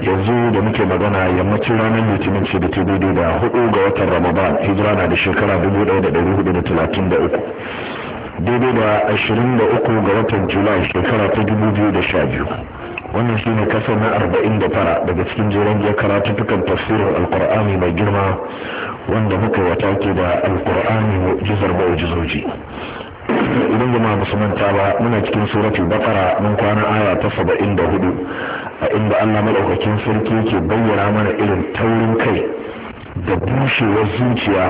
yanzu da muke magana yammacin ranar litinin ce da ta daidai da hudu ga watan ramadan hijira na da shekara dubu ɗaya da hudu da talatin da uku daidai da ashirin da uku ga watan julai shekara ta dubu biyu da sha biyu wannan shi ne kasar na arba'in da tara daga cikin jiran ya karatu tukan tafsirin alkur'ani mai girma wanda muka wata ke da alkur'ani mu'jizar jizoji idan jama'a musamman ta ba muna cikin suratul bakara mun kwana aya ta saba'in da a inda allah maɗaukakin sarki yake bayyana mana irin taurin kai da bushewar zuciya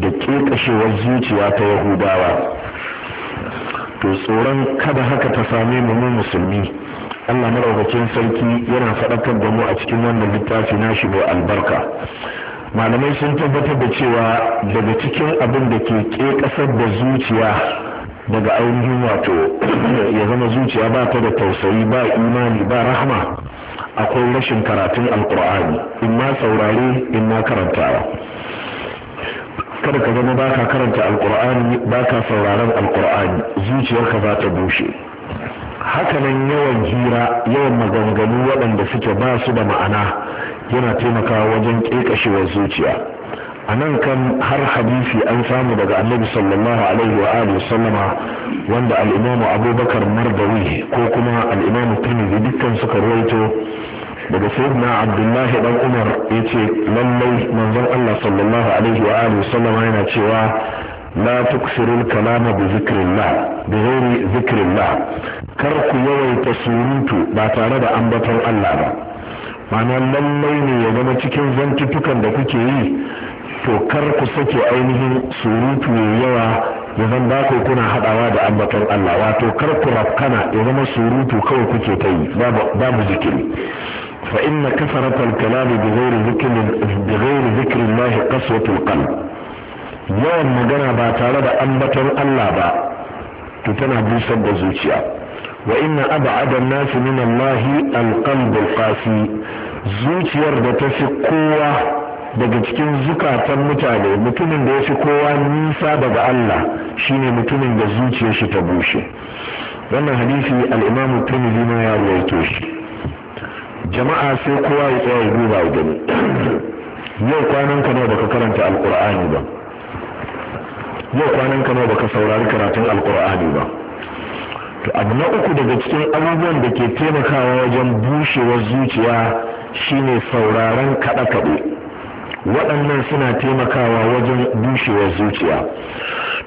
da ƙeƙashewar zuciya ta yahudawa to tsoron kada haka ta same mu mu musulmi allah maɗaukakin sarki yana faɗakar da mu a cikin wannan littafi na shi albarka malamai sun tabbatar da cewa daga cikin abin da ke ƙe da zuciya daga ainihin wato ya zama zuciya ba ta da tausayi ba imani ba rahama akwai rashin karatun alkur'ani in ma saurare in ma karantawa kada ka zama ba ka karanta alkur'ani ba ka sauraron alkur'ani zuciyarka za ta bushe hakanan yawan hira yawan maganganu waɗanda suke ba su da ma'ana yana taimakawa wajen ƙeƙashewar zuciya a nan kan har hadisi an samu daga annabi sallallahu alaihi wa alihi sallama wanda al abubakar mardawi ko kuma al-imamu tirmidhi dukkan suka ruwaito daga sayyidina abdullahi dan umar yace lallai manzon Allah sallallahu alaihi wa alihi sallama yana cewa لا kalama الكلام بذكر الله بغير ذكر الله كركو يوي تسورنتو با da ambaton Allah ba ma'ana lallai ne ya zama cikin zantutukan da kuke yi to kar ku sake ainihin surutu yawa ya zan ba ku kuna haɗawa da ambaton Allah wato kar ku rafkana ya zama surutu kawai kuke ta yi babu zikiri fa inna kasaratal kalami bi ghairi zikrin bi ghairi zikrin Allah qaswatul qalb yawan magana ba tare da ambaton Allah ba to tana busar da zuciya wa inna ab'ada an-nas min Allah al-qalb al-qasi zuciyar da ta fi kowa daga cikin zukatan mutane mutumin da ya fi kowa nisa daga Allah shine mutumin da zuciyar shi ta bushe wannan hadisi al'imamu imam Tirmidhi ya ruwaito shi jama'a sai kowa ya tsaya duba gani yau kwanan ka nawa baka karanta alqur'ani ba yau kwanan ka nawa baka saurari karatun alkur'ani ba to abu na uku daga cikin abubuwan da ke taimakawa wajen bushewar zuciya shine sauraron kaɗa kaɗe waɗannan suna taimakawa wajen bushewar zuciya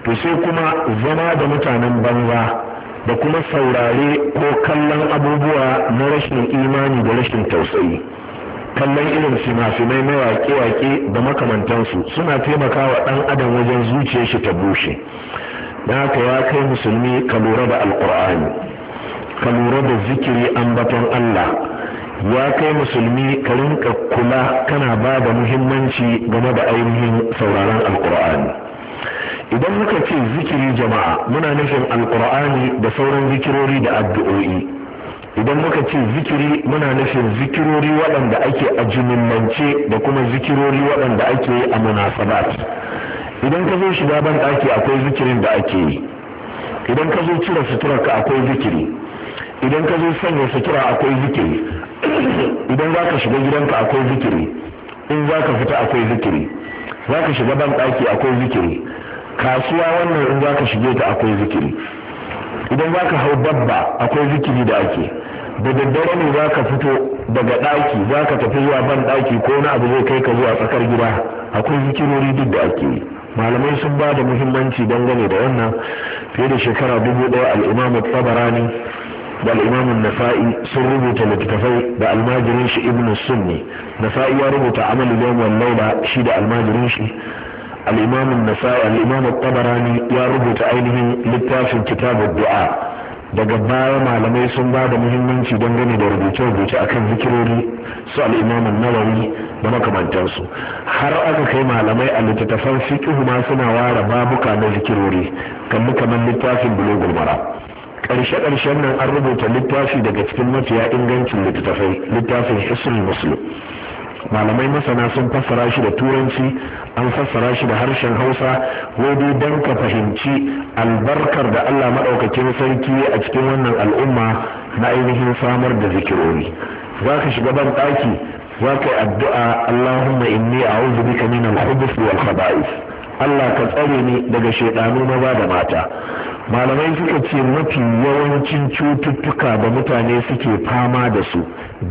to sai kuma zama da mutanen banza da kuma saurare ko kallon abubuwa na rashin imani da rashin tausayi kallon irin fina-finai na waƙe-waƙe da makamantansu suna taimakawa ɗan adam wajen zuciyar shi ta bushe da haka ya kai musulmi ka lura da alƙur'ani ka lura da zikiri ambaton allah ya kai musulmi ka rinka kula kana ba da muhimmanci game da ainihin sauraron alkur'ani idan muka ce zikiri jama'a muna nufin alkur'ani da sauran zikirori da addu'o'i idan muka ce zikiri muna nufin zikirori waɗanda ake a jimillance da kuma zikirori waɗanda ake yi a munasabat idan ka zo shiga ban ɗaki akwai zikirin da ake yi idan ka zo cire suturarka akwai zikiri idan ka zo sanya sutura akwai zikiri idan za ka shiga gidanka akwai zikiri in za ka fita akwai zikiri za ka shiga ban ɗaki akwai zikiri kasuwa wannan in za ka shige ta akwai zikiri idan za ka hau babba akwai zikiri da ake da daddare ne za ka fito daga ɗaki za ka tafi zuwa ban ɗaki ko na abu zai kai ka zuwa tsakar gida akwai zikirori duk da ake yi malamai sun ba da muhimmanci dangane da wannan fiye da shekara dubu ɗaya al'imamu tabarani da al'imamun nasa'i sun rubuta littattafai da almajirin shi ibn sunni nasa'i ya rubuta amal yawm wal laila shi da almajirin shi al'imamun nasa'i al'imamun tabarani ya rubuta ainihin littafin kitabun du'a daga baya malamai sun ba da muhimmanci gani da rubuce-rubuce akan zikirori su al'imamun nawawi da makamantansu har aka kai malamai a littattafan fiqh ma suna ware babuka na zikirori kamar littafin bulogul mara karshe karshen nan an rubuta littafi daga cikin mafiya ingancin littattafai littafin hisnul muslim malamai masana sun fassara shi da turanci an fassara shi da harshen hausa wadi don ka fahimci albarkar da allah maɗaukakin sarki a cikin wannan al'umma na ainihin samar da zikirori za ka shiga ban ɗaki za ka yi addu'a allahumma inni a bika min al-khubuth wal khaba'ith Allah ka tsare ni daga shaidanu maza da mata malamai suka ce mafi yawancin cututtuka da mutane suke fama da su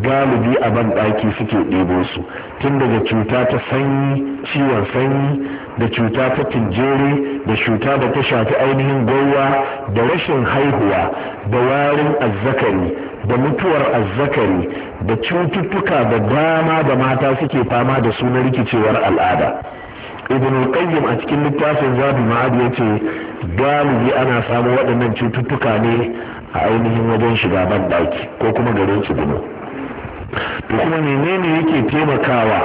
galibi a banɗaki suke ɗebo su tun daga cuta ta sanyi ciwon sanyi da cuta ta tinjere da cuta da ta shafi ainihin gauwa da rashin haihuwa da warin azzakari da mutuwar azzakari da cututtuka da dama da mata suke fama da su na rikicewar al'ada ibn qayyim a cikin littafin zabi ma'ad ya ce galibi ana samun waɗannan cututtuka ne a ainihin wajen shiga banɗaki ko kuma garin tsibino to kuma menene yake taimakawa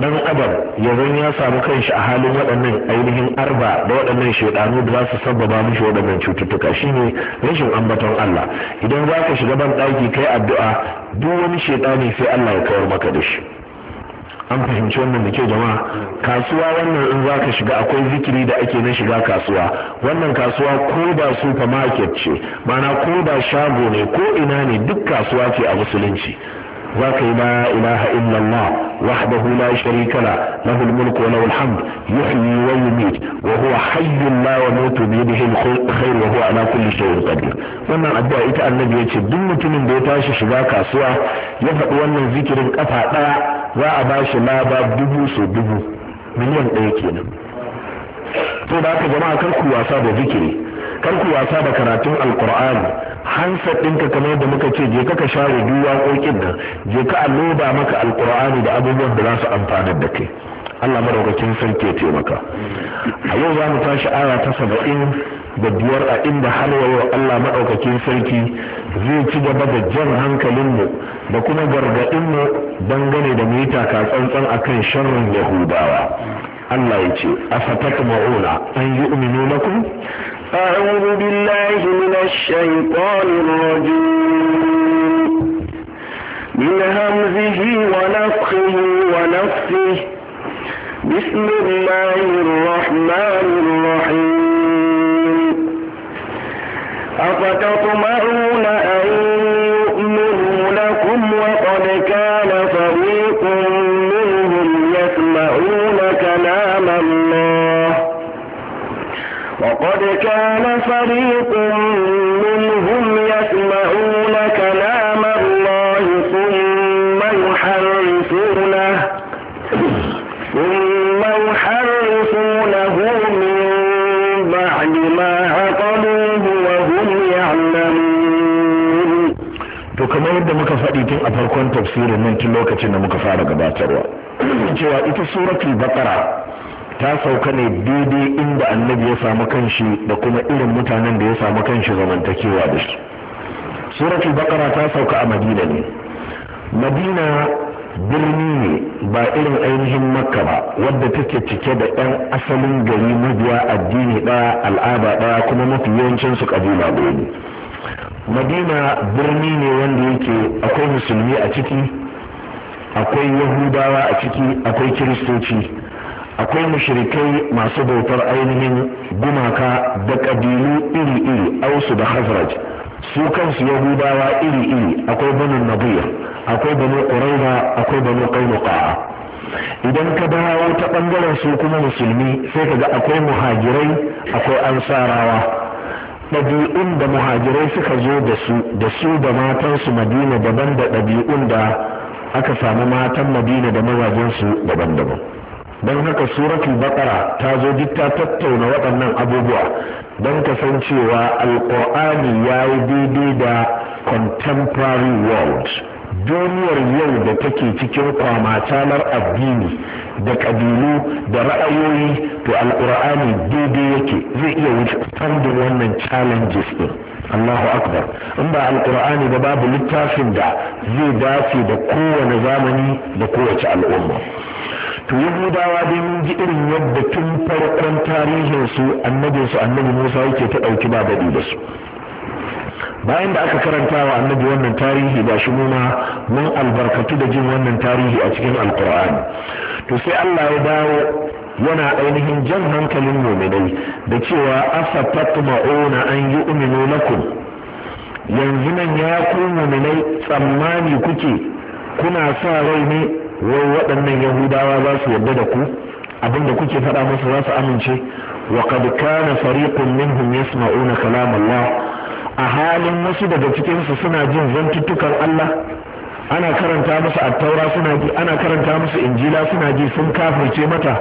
dan adam ya zan ya samu kanshi a halin waɗannan ainihin arba da waɗannan shaidanu da za su sabbaba mishi waɗannan cututtuka shine rashin ambaton Allah idan za ka shiga ban kai addu'a duk wani shaidani sai Allah ya kawar maka da shi an fahimci wannan da kyau jama'a kasuwa wannan in za ka shiga akwai zikiri da ake na shiga kasuwa wannan kasuwa ko da supermarket ce mana ko da shago ne ko ina ne duk kasuwa ce a musulunci za ka yi la ilaha illallah wahdahu la sharika la lahu almulku wa lahu alhamd yuhyi wa yumiit wa huwa hayyun la yamutu bi yadihi alkhair wa huwa ala kulli shay'in qadir wannan addu'a ita annabi ce duk mutumin da ya tashi shiga kasuwa ya faɗi wannan zikirin kafa ɗaya za a ba shi lada dubu su dubu miliyan ɗaya kenan to da aka jama'a kar ku wasa da zikiri kar ku wasa da karatun alkur'ani hansa ɗinka kamar da muka ce je ka share duk waƙoƙin nan je ka alloba maka alkur'ani da abubuwan da za su amfana da kai Allah madaukakin sarki ya taimaka a yau za mu tashi aya ta saba'in da biyar a inda har yau Allah madaukakin sarki zai ci gaba da jan hankalin mu da kuma gargaɗinmu dangane da mu yi takatsantsan a kan sharrin yahudawa Allah ya ce a fatak ma'una an yi uminu na ku? أعوذ بالله من الشيطان الرجيم من همزه ونفخه ونفسه بسم الله الرحمن الرحيم أفتطمعون كان فريق منهم يسمعون كلام الله ثم يحرفونه ثم يحرفونه من بعد ما عقلوه وهم يعلمون to kamar yadda muka faɗi tun a farkon tafsirin nan tun lokacin da muka fara gabatarwa cewa ita suratul baqara ta sauka ne daidai inda annabi ya samu kanshi da kuma irin mutanen da ya samu kanshi zamantakewa da su suratul bakara ta sauka a madina ne madina birni ne ba irin ainihin makka ba wadda take cike da ɗan asalin gari mabiya addini ɗaya al'ada ɗaya kuma mafi yawancin su kabila ɗaya ne madina birni ne wanda yake akwai musulmi a ciki akwai yahudawa a ciki akwai kiristoci akwai mushrikai masu bautar ainihin gumaka da ƙabilu iri-iri ausu da hazraj su kansu yahudawa iri-iri akwai banu nabir akwai banu ƙuraiba akwai banu ƙainuka idan ka dawo ta ɓangaren su kuma musulmi sai ka ga akwai muhajirai akwai ansarawa ɗabi'un da muhajirai suka zo da su da su da matansu madina daban da ɗabi'un da aka samu matan madina da mazajensu daban-daban don haka suratul baqara ta zo duk ta tattauna waɗannan abubuwa don ka san cewa alƙur'ani ya yi daidai da contemporary world duniyar yau da take cikin kwamatanar addini da ƙabilu da ra'ayoyi to alƙur'ani daidai yake zai iya wuce wannan challenges din Allahu akbar in ba alkur'ani ba babu littafin da zai dace da kowane zamani da kowace al'umma to yahudawa dai mun ji irin yadda tun farkon tarihin su su annabi Musa yake ta ɗauki ba dadi da su bayan da aka karanta wa annabi wannan tarihi ba shi muna mun albarkatu da jin wannan tarihi a cikin alkur'ani to sai Allah ya dawo yana ainihin jan hankalin muminai da cewa fatima tatma'una an yi uminu lakum yanzu nan ya ku muminai tsammani kuke kuna sa rai ne wai waɗannan yahudawa za su yarda da ku abinda kuke faɗa masa za su amince wa qad kana fariqun minhum yasma'una kalam Allah a halin wasu daga cikinsu suna jin zantuttukan Allah ana karanta musu attaura suna ji ana karanta musu injila suna ji sun kafirce mata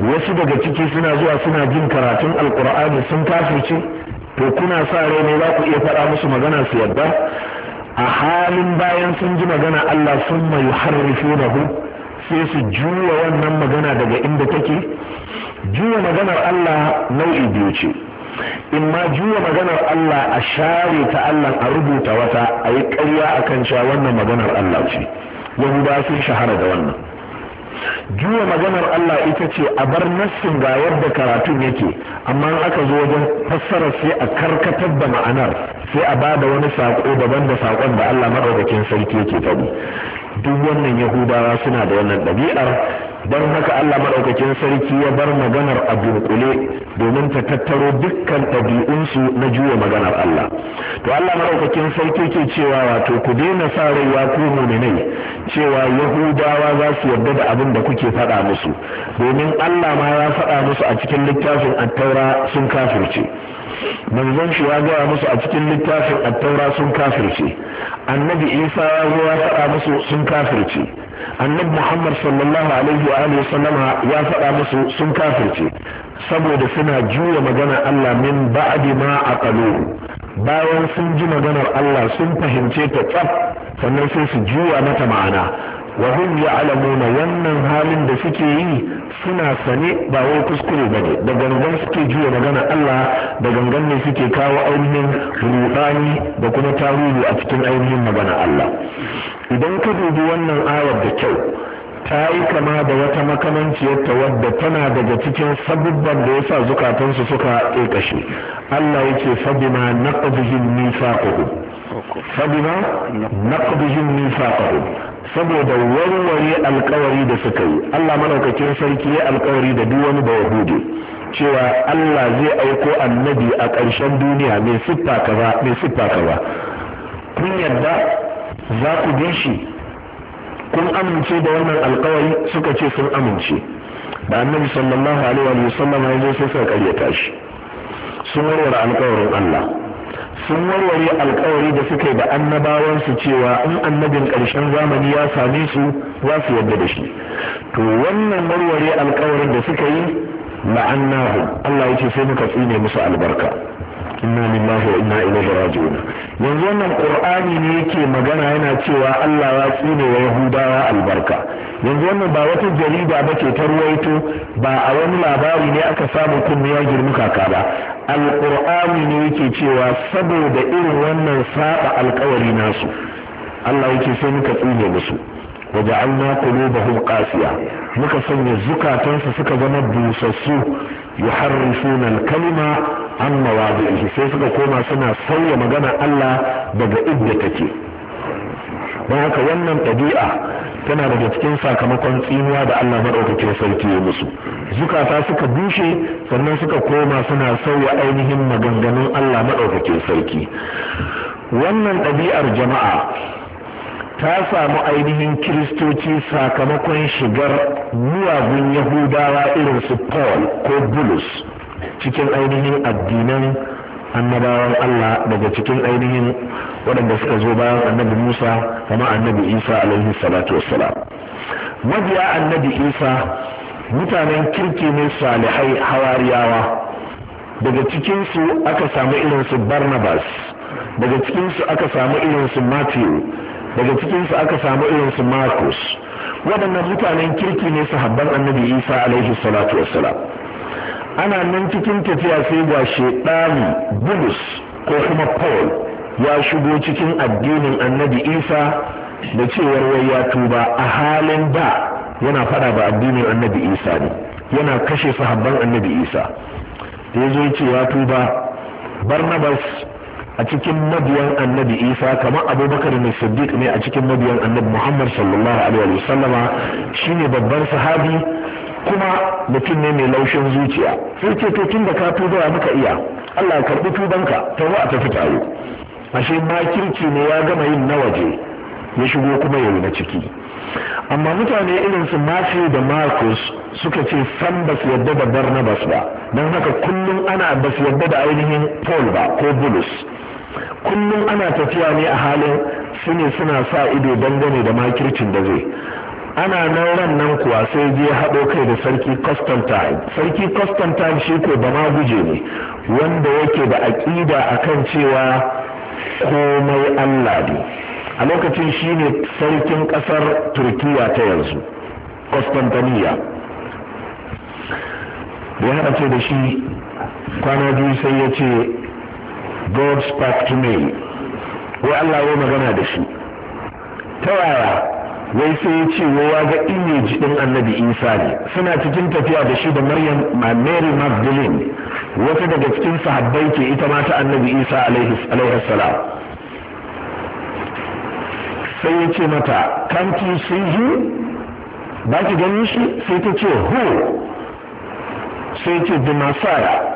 wasu daga ciki suna zuwa suna jin karatun alkur'ani sun kafirce to kuna sa rai ne za ku iya faɗa musu magana su yadda a halin bayan sun ji magana Allah sun mai harrife da hu sai su juya wannan magana daga inda take juya maganar Allah nau'i biyu ce in ma juya maganar Allah a share ta Allah a rubuta wata a yi ƙarya a kan cewa wannan maganar Allah ce ba sun shahara da wannan juya maganar Allah ita ce a bar nassin ga yadda karatun yake amma in aka zo wajen fassara sai a karkatar da ma'anar sai a ba da wani saƙo daban da saƙon da Allah maɗaukakin sarki yake faɗi duk wannan yahudawa suna da wannan ɗabi'ar don haka Allah maɗaukakin sarki ya bar maganar a dunkule domin ta tattaro dukkan ɗabi'unsu na juya maganar Allah to Allah maɗaukakin sarki ke cewa wato ku daina sa rai wa ku muminai cewa yahudawa za su yarda da abin da kuke faɗa musu domin Allah ma ya faɗa musu a cikin littafin attaura sun kafirce manzon shi ya gaya musu a cikin littafin attaura sun kafirce annabi isa ya zo ya faɗa musu sun kafirce annabi muhammad sallallahu alaihi wa alihi sallama ya faɗa musu sun kafirce saboda suna juya magana allah min ba'di ma aqalu bayan sun ji maganar allah sun fahimce ta tsaf sannan sai su juya mata ma'ana wa hum ya'lamuna wannan halin da suke yi suna sane ba wai kuskure bane da gangan suke juya magana Allah da gangan ne suke kawo ainihin rudani da kuma tarihi a cikin ainihin magana Allah idan ka dubi wannan ayar da kyau ta yi kama da wata makamanciyar ta wadda tana daga cikin sabubban da yasa zukatansu suka ƙeƙashe Allah yake fabima naqdihim mifaqahum فبما نقضهم ميثاقهم saboda warware alkawari da suka yi Allah madaukakin sarki ya alkawari da duk wani bayahude cewa Allah zai aiko annabi a ƙarshen duniya mai siffa kaza mai siffa kaza kun yadda za ku bi shi kun amince da wannan alkawari suka ce sun amince da annabi sallallahu alaihi wa sallam ya zo sai suka karyata shi sun warware alkawarin Allah sun warware alkawari da suka yi da annabawansu cewa in annabin ƙarshen zamani ya same su za su yarda da shi to wannan warware alkawarin da suka yi la'annahu Allah ya ce sai muka tsine musu albarka inna lillahi wa inna ilaihi raji'un yanzu wannan qur'ani ne yake magana yana cewa Allah ya tsine wa yahudawa albarka yanzu wannan ba wata jarida bace ta ruwaito ba a wani labari ne aka samu kunni ya girmi kaka ba alqur'ani ne yake cewa saboda irin wannan saba alkawari nasu Allah yake sai muka tsine musu waja'alna qulubahum qasiya muka sanya zukatansu suka zama busassu yuharrifuna sunan kalima an mawadi'ihi sai suka koma suna sauya magana Allah daga idda take don haka wannan ɗabi'a tana daga cikin sakamakon tsinuwa da Allah maɗaukakin sarki ya musu zukata suka bushe sannan suka koma suna sauya ainihin maganganun Allah maɗaukakin sarki wannan ɗabi'ar jama'a ta samu ainihin kiristoci sakamakon shigar miyagun yahudawa irin su paul ko bulus cikin ainihin addinan annabawan allah daga cikin ainihin waɗanda suka zo bayan annabi musa kama annabi isa alaihi salatu wassalam mabiya annabi isa mutanen kirki ne salihai hawariyawa daga cikinsu aka samu irinsu barnabas daga cikinsu aka samu irinsu matthew daga cikinsu aka samu irinsu Marcus waɗannan mutanen kirki ne sahabban annabi Isa alaihi salatu wassalam ana nan cikin tafiya sai ga shedani Bulus ko kuma Paul ya shigo cikin addinin annabi Isa da cewar wai ya tuba a halin da yana fada ba addinin annabi Isa ne yana kashe sahabban annabi Isa da ya zo ya ce ya tuba Barnabas a cikin mabiyan annabi isa kamar abubakar mai siddiq ne a cikin mabiyan annabi muhammad sallallahu alaihi wa sallama shine babban sahabi kuma mutum ne mai laushin zuciya sai ce to tun da ka tuba ya muka iya allah ya karbi tubanka ta a tafi taro ashe makirci ne ya gama yin na waje ya shigo kuma ya na ciki amma mutane irin su Matthew da Marcus suka ce san ba su yadda da Barnabas ba don haka kullum ana ba su yadda da ainihin Paul ba ko Bulus kullum ana tafiya ne a halin su ne suna sa ido dangane da makircin da zai ana nan ran nan kuwa sai je haɗo kai da sarki constantine sarki constantine shi ko ba ma guje ne wanda yake da aƙida a kan cewa komai allah ne a lokacin shi ne sarkin ƙasar turkiya ta yanzu Da ya haɗa ce da shi kwana biyu sai ya ce God spoke to me wai Allah ya magana da shi ta yaya wai sai ya ce wai ga image din annabi Isa ne suna cikin tafiya da shi da Maryam Mary Magdalene wata daga cikin sahabbai ke ita ma ta annabi Isa alaihi salam sai ya ce mata can't you see him ba ki gani shi sai ta ce who sai ce the Messiah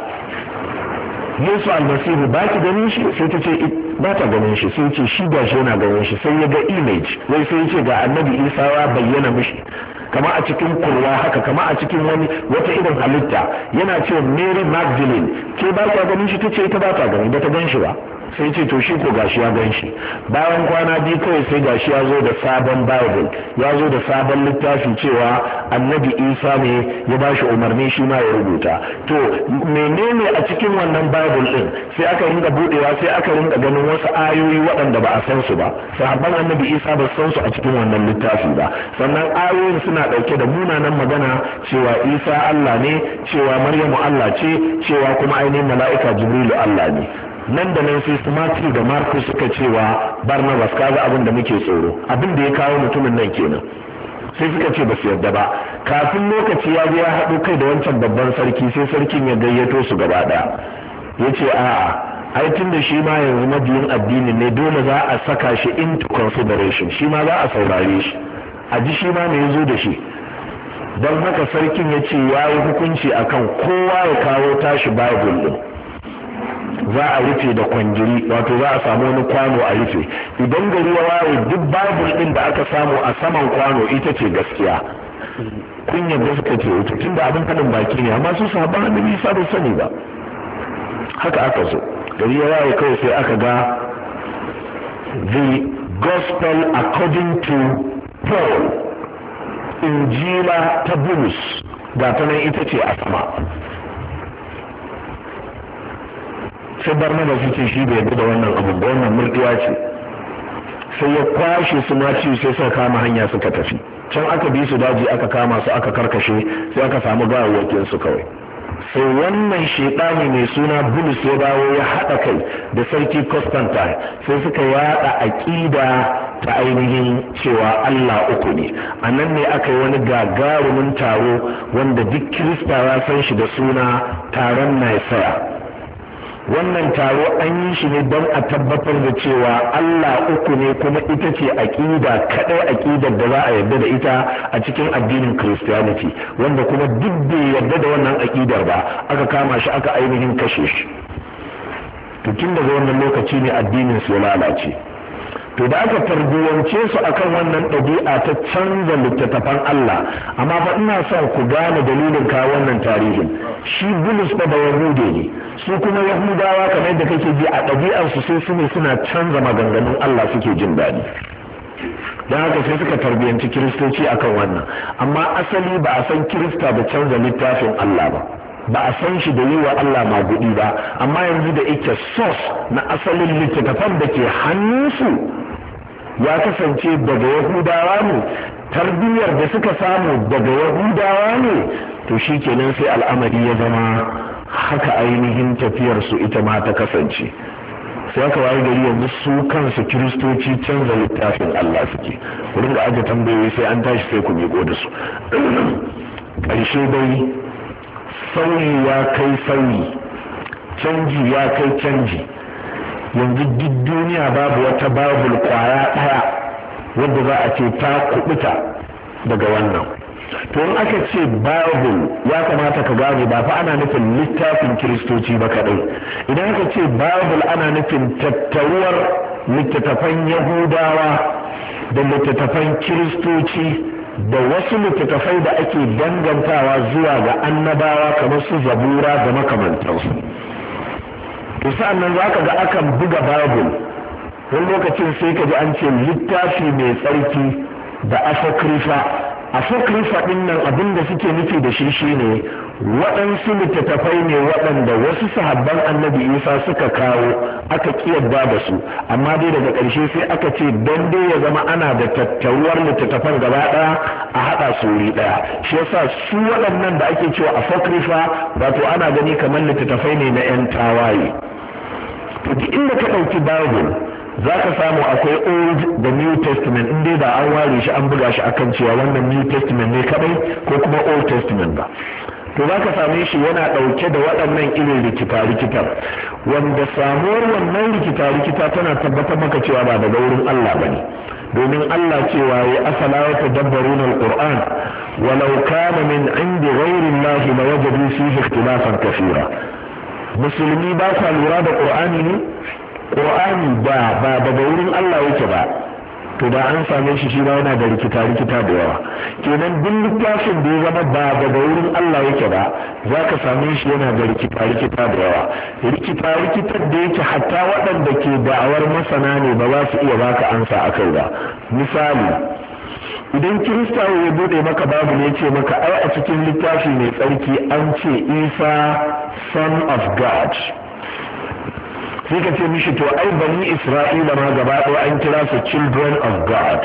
yesu almasihu ba ki ganin shi sai ta ce eh, ba ta ganin shi sai ce shi shi yana ganin shi sai ya ga image wai sai ce ga annabi isa ya bayyana mishi kama a cikin kurwa haka kama a cikin wani wata irin halitta yana ce mary magdalene ke ba ta ganin shi ta ce ita ba ta ganin ba ta gan shi ba sai ce to shi ko gashi ya gan shi bayan kwana biyu kawai sai gashi ya zo da sabon bible ya zo da sabon littafi cewa annabi isa ne ya ba shi umarni shi ma ya rubuta to menene a cikin wannan bible din sai aka ringa budewa sai aka ringa ganin wasu ayoyi waɗanda ba a san su ba sahabban annabi isa ba san su a cikin wannan littafi ba sannan ayoyin suna ɗauke da munanan magana cewa isa allah ne cewa maryamu allah ce cewa kuma ainihin mala'ika jibrilu allah ne nan da nan sai su Matthew da Marcus suka cewa Barnabas kaga abin da muke tsoro abin da ya kawo mutumin nan kenan sai suka ce ba su yarda ba kafin lokaci ya ya haɗu kai da wancan babban sarki sai sarkin ya gayyato su gaba ɗaya ya ce a'a ai tun da shi ma yanzu mabiyin addini ne dole za a saka shi into consideration shi ma za a saurare shi a ji shi ma ya zo da shi don haka sarkin ya ce ya yi hukunci akan kowa ya kawo tashi bible din za a rufe da kwangiri wato za a samu wani kwano a rufe idan gari ya waye duk babul din da aka samu a saman kwano ita ce gaskiya kun yi suka ce wuce tun da abin faɗin baki ne amma su sabon annabi isa ba sani ba haka aka so gari ya waye kawai sai aka ga the gospel according to paul injila ta bulus ga ta nan ita ce a sama sai barnaba shi ce shi bai da wannan abu ba wannan murtuwa ce sai ya kwashe su maci sai suka kama hanya suka tafi can aka bi su daji aka kama su aka karkashe sai aka samu gawawwakin su kawai sai wannan shekani mai suna bulus ya dawo ya haɗa kai da sarki constantine sai suka yada aƙida ta ainihin cewa allah uku ne a nan ne aka yi wani gagarumin taro wanda duk kiristawa ya san shi da suna taron nicaea wannan taro an yi shi ne don a tabbatar da cewa Allah uku ne kuma ita ce aƙida kaɗai aƙidar da za a yarda da ita a cikin addinin Christianity wanda kuma duk bai yarda da wannan aƙidar ba aka kama shi aka ainihin kashe shi Tukin daga wannan lokaci ne addinin su ya lalace to da aka tarbiyance su akan wannan ɗabi'a ta canza littattafan Allah amma fa ina son ku gane dalilin ka wannan tarihin shi Bulus ba da Yahude ne su kuma Yahudawa kamar da kake ji a ɗabi'ar su sai su ne suna canza maganganun Allah suke jin daɗi don haka sai suka tarbiyanci kiristoci akan wannan amma asali ba a san kirista da canza littafin Allah ba ba a san shi da yi wa Allah maguɗi ba amma yanzu da ita sos na asalin littattafan da ke hannun su. ya kasance daga yahudawa ne tarbiyyar da suka samu daga yahudawa ne to shi kenan sai al'amari ya zama haka ainihin tafiyarsu ita ma ta kasance sai aka wayi gari yanzu su kansu kiristoci canza littafin Allah suke wurin da aka tambayoyi sai an tashi sai ku miƙo da su ƙarshe dai sauyi ya kai sauyi canji ya kai canji yanzu duk duniya babu wata babul kwaya ɗaya wadda za a ce ta kubuta daga wannan to in aka ce babul ya kamata ka gane ba fa ana nufin littafin kiristoci ba kaɗai idan aka ce babul ana nufin tattaruwar littattafan yahudawa da littattafan kiristoci da wasu littattafai da ake dangantawa zuwa ga annabawa kamar su zabura da makamantansu to sa'an nan za ka ga akan buga babul wani lokacin sai ka ji an ce littafi mai tsarki da apocrypha apocrypha din nan abin da suke nufi da shi shine waɗansu littattafai ne waɗanda wasu sahabban annabi isa suka kawo aka kiyarda da su amma dai daga ƙarshe sai aka ce don dai ya zama ana da tattauwar littattafan gaba ɗaya a haɗa su wuri ɗaya shi yasa su waɗannan da ake cewa a fokrifa wato ana gani kamar littattafai ne na 'yan tawaye to duk inda ka ɗauki bible za ka samu akwai old da new testament in dai ba an ware shi an buga shi akan cewa wannan new testament ne kadai ko kuma old testament ba to za ka same shi yana ɗauke da waɗannan irin rikita-rikita wanda samuwar wannan rikita-rikita tana tabbatar maka cewa ba daga wurin Allah ba ne domin Allah cewa ya asala ya tadabbaruna alquran walau kana min indi ghairi Allah la wajadu fihi ikhtilafan kathira musulmi ba sa lura da qur'ani ne qur'ani ba ba daga wurin Allah yake ba to da an same shi shi ba yana da rikita rikita da yawa kenan duk littafin da ya zama ba daga wurin Allah yake ba za ka same shi yana da rikita rikita da yawa rikita rikitar da yake hatta waɗanda ke da'awar masana ne ba za su iya baka ansa kai ba misali idan kirista ya bude maka babu ne ce maka ai a cikin littafi mai tsarki an ce isa son of god sai ka ce mishi to ai bani isra'ila ma gaba ɗaya an kira su children of god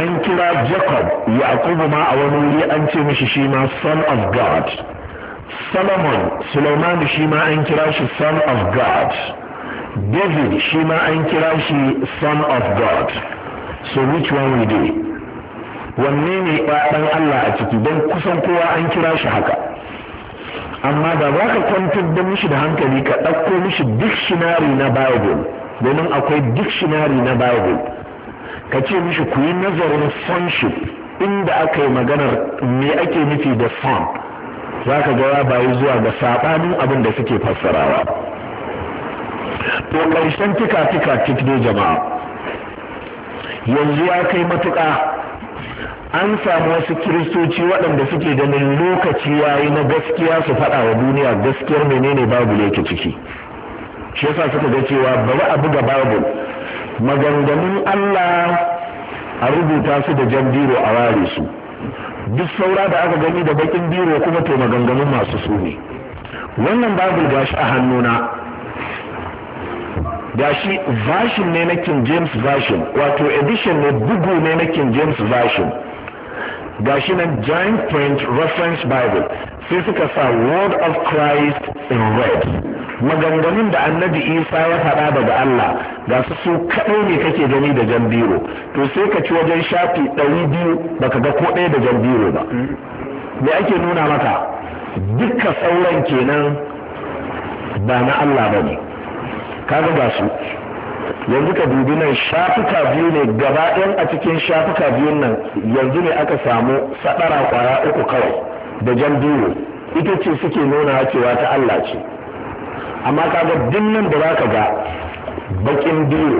an kira jacob yakubu ma a wani wuri an ce mishi shi ma son of god solomon suleiman shi ma an kira shi son of god david shi ma an kira shi son of god so which one we do wanne ne ɗan allah a ciki don kusan kowa an kira shi haka amma da ba ka kwantar da mishi da hankali ka ɗauko mishi shinari na bible domin akwai shinari na bible ka ce mishi ku yi nazarin sonship inda aka yi maganar me ake nufi da son za ka ga bayi zuwa ga saɓanin abin da suke fassarawa to ƙarshen tika tika tik jama'a yanzu ya kai matuƙa an samu wasu kiristoci waɗanda suke ganin lokaci yayi na gaskiya su faɗa wa duniya gaskiyar menene babu yake ciki shi yasa suka ga cewa bari a buga babu maganganun Allah a rubuta su da jan biro a ware su duk saura da aka gani da bakin biro kuma to maganganun masu su ne wannan babu gashi a hannuna gashi version ne na King James version wato edition ne bugu ne na King James version gashi nan giant print reference bible sai suka sa word of christ in red maganganun da annabi isa ya faɗa daga allah ga su su kaɗai ne kake gani da jan biro to sai ka ci wajen shafi ɗari biyu baka ga ko ɗaya da jan biro ba me ake nuna maka duka sauran kenan ba na allah ba ne kaga ga su yanzu ka dubi nan shafuka biyu ne gaba ɗayan a cikin shafuka biyun nan yanzu ne aka samu saɗara ƙwara uku kawai da jan biyu ita ce suke nuna cewa ta Allah ce amma kaga duk nan da ka ga bakin biyu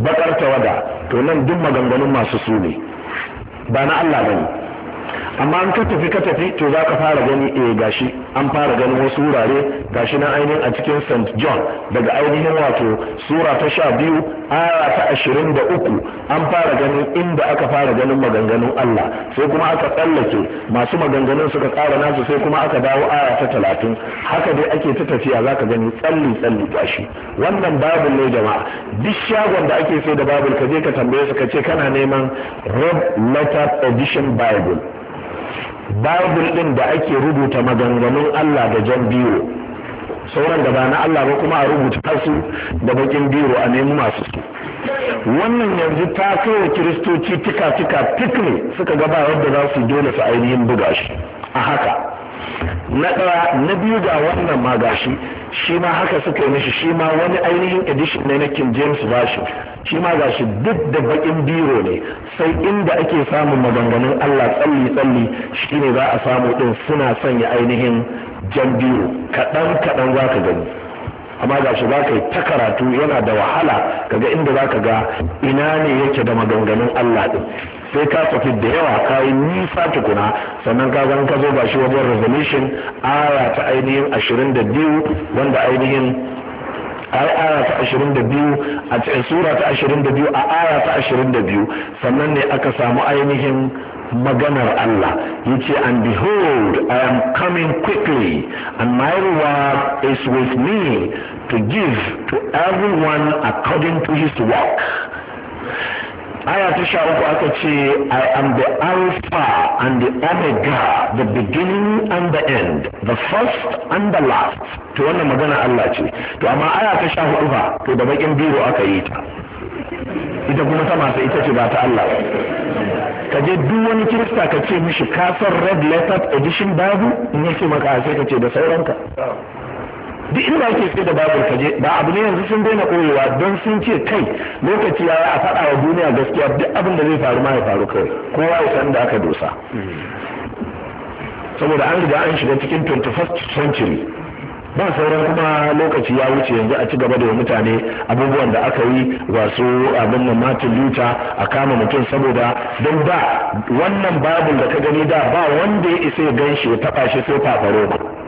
bakar tawada to nan duk maganganun masu su ne ba na Allah bane amma an ka tafi ka tafi to za ka fara gani eh gashi an fara ganin wasu wurare gashi na ainihin a cikin st john daga ainihin wato sura ta sha biyu aya ta ashirin da uku an fara ganin inda aka fara ganin maganganun allah sai kuma aka tsallake masu maganganun suka ƙara nasu sai kuma aka dawo aya ta talatin haka dai ake ta tafiya za ka gani tsalli tsalli gashi wannan babul ne jama'a duk shagon da ake sai da babul ka je ka tambaye su ka ce kana neman red letter edition bible bible ɗin da ake rubuta maganganun Allah da jan biro sauran da ba na Allah ba kuma a rubuta su da bakin biro a nemi masu su wannan yanzu ta kawo kiristoci tika tika tik suka gaba wadda za su dole su ainihin buga shi a haka na ɗaya na biyu ga wannan ma gashi shi ma haka suka yi mishi shi ma wani ainihin edishin ne na King James bashi shi ma gashi duk da bakin biro ne sai inda ake samun maganganun Allah tsalli tsalli shi ne za a samu din suna sanya ainihin jan biro kaɗan kaɗan za ka gani amma gashi za ka yi ta karatu yana da wahala kaga inda za ka ga ina ne yake da maganganun Allah din sai ka tafi da yawa ka yi nisa tukuna sannan ka zan ka zo ba shi wajen resolution aya ta ainihin ashirin da biyu wanda ainihin ai aya ta ashirin da biyu a sura ta ashirin da biyu a aya ta ashirin da biyu sannan ne aka samu ainihin maganar Allah yace and behold I am coming quickly and my reward is with me to give to everyone according to his work aya ta sha uku aka ce i am the alpha and the omega the beginning and the end the first and the last to wannan magana Allah ce to amma aya ta sha hudu ba to da bakin biro aka yi ta ita kuma ta ita ce ba ta Allah ka je duk wani kirista ka ce mishi kasar red letter edition babu in yake maka sai ka ce da sauranka duk inda ake ce da babu kaje ba abu ne yanzu sun daina koyewa don sun ce kai lokaci ya a faɗa wa duniya gaskiya duk abin da zai faru ma ya faru kawai kowa ya san da aka dosa saboda an riga an shiga cikin 21st century ba sauran kuma lokaci ya wuce yanzu a ci gaba da mutane abubuwan da aka yi wasu abin nan martin luther a kama mutum saboda don da wannan babul da ka gani da ba wanda ya isa ya gan shi ya taɓa shi sai fafaro ba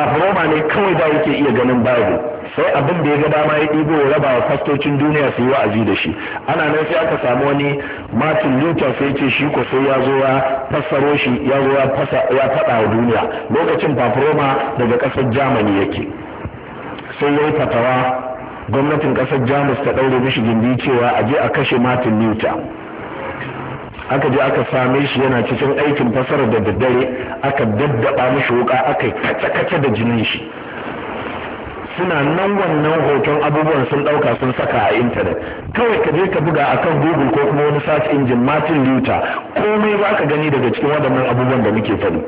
fafroma ne kawai da yake iya ganin babu sai abin da ya ga dama ya ɗibo ya raba wa fastocin duniya su yi wa'azi da shi ana nan sai aka samu wani martin luther sai ce shi ko sai ya zo ya fassaro shi ya zo ya faɗa wa duniya lokacin fafroma daga kasar germany yake sai ya yi fatawa gwamnatin ƙasar jamus ta ɗaure mishi gindi cewa a je a kashe martin luther aka je aka same shi yana cikin aikin fasara da daddare aka daddaba mishi wuka aka yi kace-kace da jinin shi suna nan wannan hoton abubuwan sun dauka sun saka a intanet kawai ka je ka buga akan google ko kuma wani search engine martin luther komai ba ka gani daga cikin waɗannan abubuwan da muke faɗi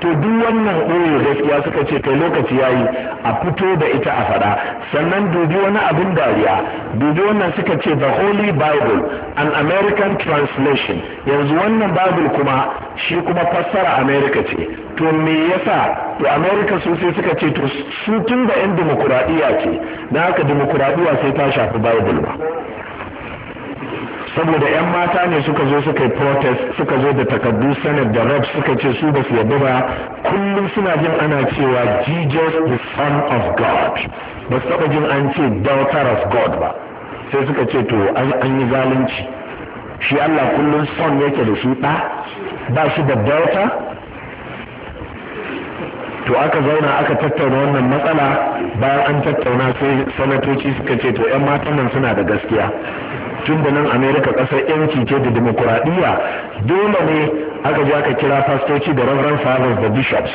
to duk wannan ɓoye gaskiya suka ce kai lokaci ya yi a fito da ita a faɗa sannan dubi wani abin dariya dubi wannan suka ce the holy bible an american translation yanzu wannan bible kuma shi kuma fassara america ce to me yasa to america su sai suka ce to su tun da yan dimokuraɗiyya ce don haka dimokuraɗiyya sai ta shafi bible ba saboda yan mata ne suka zo suka yi protest suka zo da takardu sanar da rab suka ce su ba su yarda ba kullum suna jin ana cewa jesus the son of god ba su taba jin an ce daughter of god ba sai suka ce to an yi zalunci shi allah kullum son yake da shi ba shi da daughter to aka zauna aka tattauna wannan matsala bayan an tattauna sai sanatoci suka ce to 'yan matan nan suna da gaskiya tun da nan amerika kasar yanci ce da demokuraɗiyya dole ne aka je aka kira fastoci da reverend fathers da bishops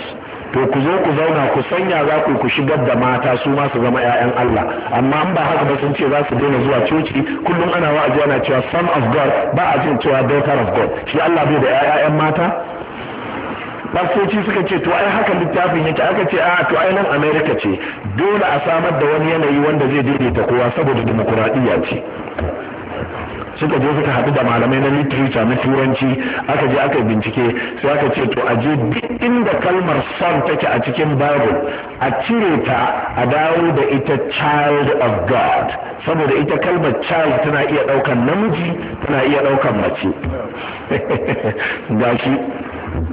to ku zo ku zauna ku sanya za ku ku shigar da mata su ma su zama 'ya'yan Allah amma an ba haka ba sun ce za su daina zuwa coci kullum ana wa'azi ana cewa son of God ba a cewa daughter of God shi Allah bai da 'ya'yan mata fasoci suka ce to ai haka littafin yake aka ce a ah, to ai nan america ce dole a samar da wani yanayi wanda zai daidaita kowa saboda demokuraɗiyya ce suka je suka haɗu da malamai na literature na turanci aka je aka bincike sai aka ce to a je duk inda kalmar son take a cikin bible a cire ta a dawo da ita child of god saboda ita kalmar child tana iya ɗaukan namiji tana iya ɗaukan mace gashi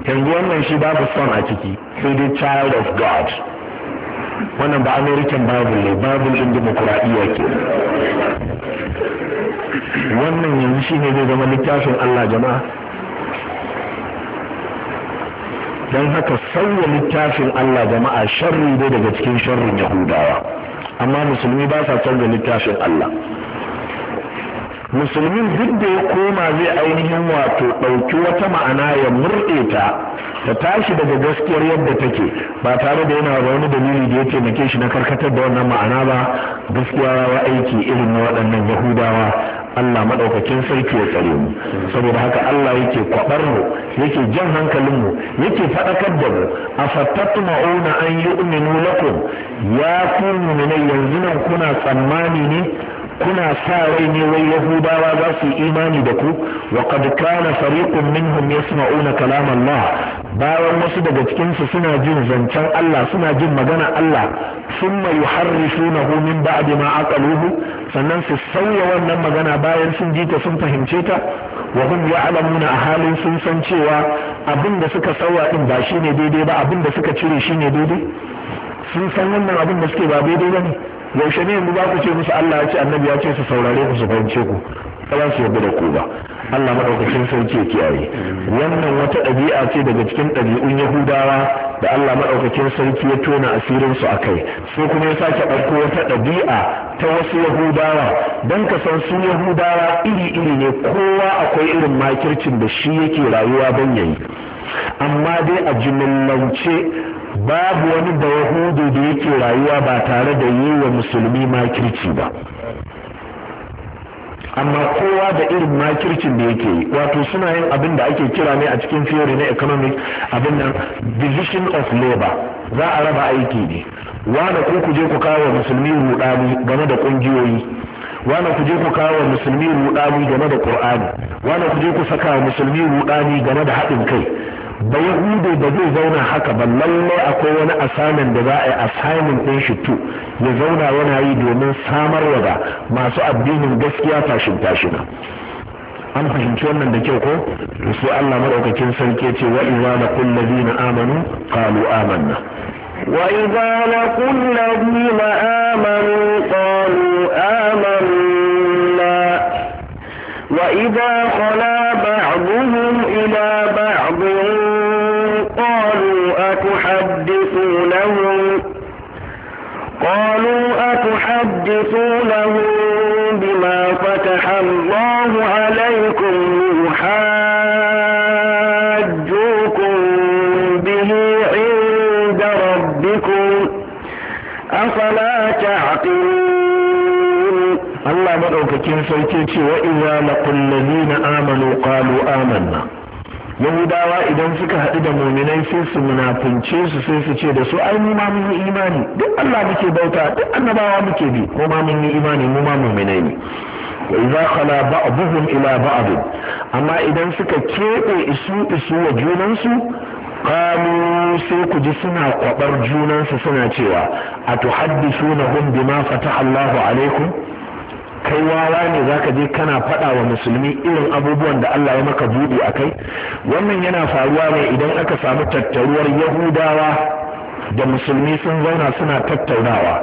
yanzu wannan shi babu son a ciki sai dai child of god wannan ba american bible ne bible din demokuraɗiyya ke wannan yanzu shi ne zai zama littafin allah jama'a don haka sauya littafin allah jama'a sharri dai daga cikin sharrin yahudawa amma musulmi ba sa canza littafin allah musulmin duk da ya koma zai ainihin wato ɗauki wata ma'ana ya murɗe ta ta tashi daga gaskiyar yadda take ba tare da yana da wani dalili da ya taimake shi na karkatar da wannan ma'ana ba gaskiya ya aiki irin na waɗannan yahudawa Allah maɗaukakin sarki ya tsare mu saboda haka Allah yake kwabar mu yake jan hankalin mu yake faɗakar da mu a ma'auna an yi umminu lakum ya ku mu'minai yanzu nan kuna tsammani ne kuna sa rai ne wai yahudawa za su yi imani da ku wa qad kana fariqun minhum yasma'una kalam Allah bayan wasu daga cikin su suna jin zancen Allah suna jin magana Allah thumma yuharrifunahu min ba'di ma aqaluhu sannan su sauya wannan magana bayan sun ji ta sun fahimce ta wa hum ya'lamuna a halin sun san cewa abinda suka sauya din ba shine daidai ba abinda suka cire shine daidai sun san wannan abin da suke ba daidai ba ne yaushe ne yanzu ba ku ce musu Allah ya ce annabi ya ce su saurare ku su fahimce ku ba za su yarda da ku ba Allah madaukakin sarki ya kiyaye wannan wata ɗabi'a ce daga cikin ɗabi'un Yahudawa da Allah madaukakin sarki ya tona asirin su akai sai kuma ya sake ɗauko wata ɗabi'a ta wasu Yahudawa dan ka san su Yahudawa iri-iri ne kowa akwai irin makircin da shi yake rayuwa ban yayi amma dai a jumillance babu wani da wahudu da yake rayuwa ba tare da yi wa musulmi makirci ba amma kowa da irin makircin da yake yi wato suna yin abin da ake kira ne a cikin theory na economic abin nan division of labor za a raba aiki ne wane ku ku je ku kawo musulmi rudani game da kungiyoyi wane ku je ku kawo musulmi rudani game da qur'ani wane ku je ku saka musulmi rudani game da haɗin kai da yahudu da zai zauna haka ba lallai akwai wani asamin da za a yi asamin ɗin shi to ya zauna yana yi domin samarwa da masu addinin gaskiya tashin tashina an fahimci wannan da kyau ko sai Allah maɗaukacin sarki ce wa idza laqul ladina amanu qalu amanna wa idza laqul ladina amanu qalu تبطونه بما فتح الله عليكم ليحاجوكم به عند ربكم أفلا تعقلون الله مدعوك كيف سيكيك وإذا لقوا الذين آمنوا قالوا آمنا yahudawa idan suka haɗu da muminai sai su munafince su sai su ce da su ai mu ma mun yi imani duk Allah muke bauta duk annabawa muke bi ko ma mun yi imani mu ma muminai ne wa idza khala ba'dhum ila ba'd amma idan suka kebe isu isu wa junansu qalu sai ku ji suna kwabar junansu suna cewa atuhaddithunahum bima fataha Allahu alaikum kai wawa ne za ka je kana faɗa wa musulmi irin abubuwan da Allah ya maka buɗe a kai wannan yana faruwa ne idan aka samu tattaruwar yahudawa da musulmi sun zauna suna tattaunawa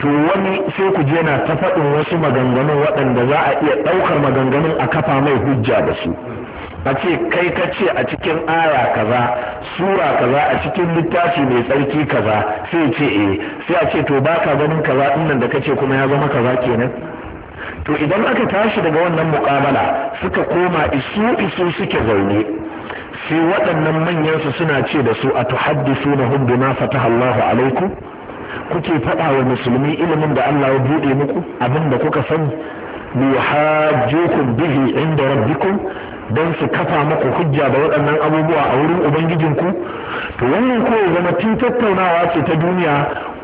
to wani sai ku je na ta faɗin wasu maganganun waɗanda za a iya ɗaukar maganganun a kafa mai hujja da su a ce kai ka ce a cikin aya kaza sura kaza a cikin littafi mai tsarki kaza sai ce eh sai a ce to baka ganin kaza ɗin da da kace kuma ya zama kaza kenan to idan aka tashi daga wannan mukamala suka koma isu isu suke zaune sai waɗannan manyansu suna ce da su a tuhaddisu na hundu na fataha Allahu alaikum kuke faɗa wa musulmi ilimin da Allah ya buɗe muku abin da kuka sani liyuhajjukum bihi inda rabbikum don su kafa maku hujja da waɗannan abubuwa a wurin ubangijinku to wannan ko ya zama tun tattaunawa ce ta duniya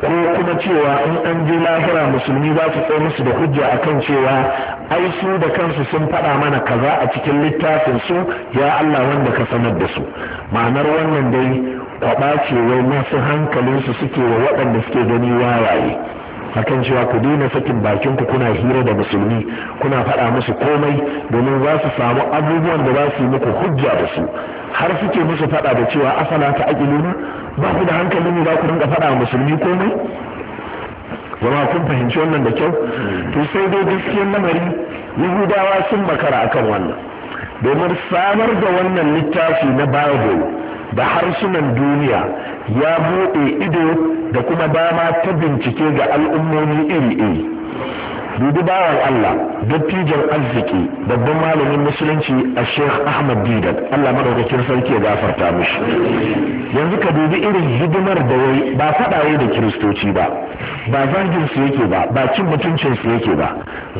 ko kuma cewa in an je lahira musulmi za su tsaye musu da hujja a kan cewa ai su da kansu sun faɗa mana kaza a cikin littafin su ya Allah wanda ka sanar da su ma'anar wannan dai kwaɓa ce wai masu hankalinsu suke wa waɗanda suke gani wawaye akan cewa ku daina sakin bakin ku kuna hira da musulmi kuna faɗa musu komai domin za su samu abubuwan da za su yi muku hujja da su har suke musu faɗa da cewa asala ta aqiluna ba ku da hankali ne za ku dinga faɗa musulmi komai zama kun fahimci wannan da kyau to sai dai gaskiyar lamari yahudawa sun makara akan wannan domin samar da wannan littafi na bible da harsunan duniya ya buɗe ido da kuma dama ta bincike ga al'ummomi iri-iri dubi bawan Allah dattijan arziki babban malamin musulunci a sheikh ahmad didat Allah madaukakin sarki ya gafarta mishi yanzu ka dubi irin hidimar da yayi ba faɗaye da kiristoci ba ba zangin su yake ba ba cin mutuncin su yake ba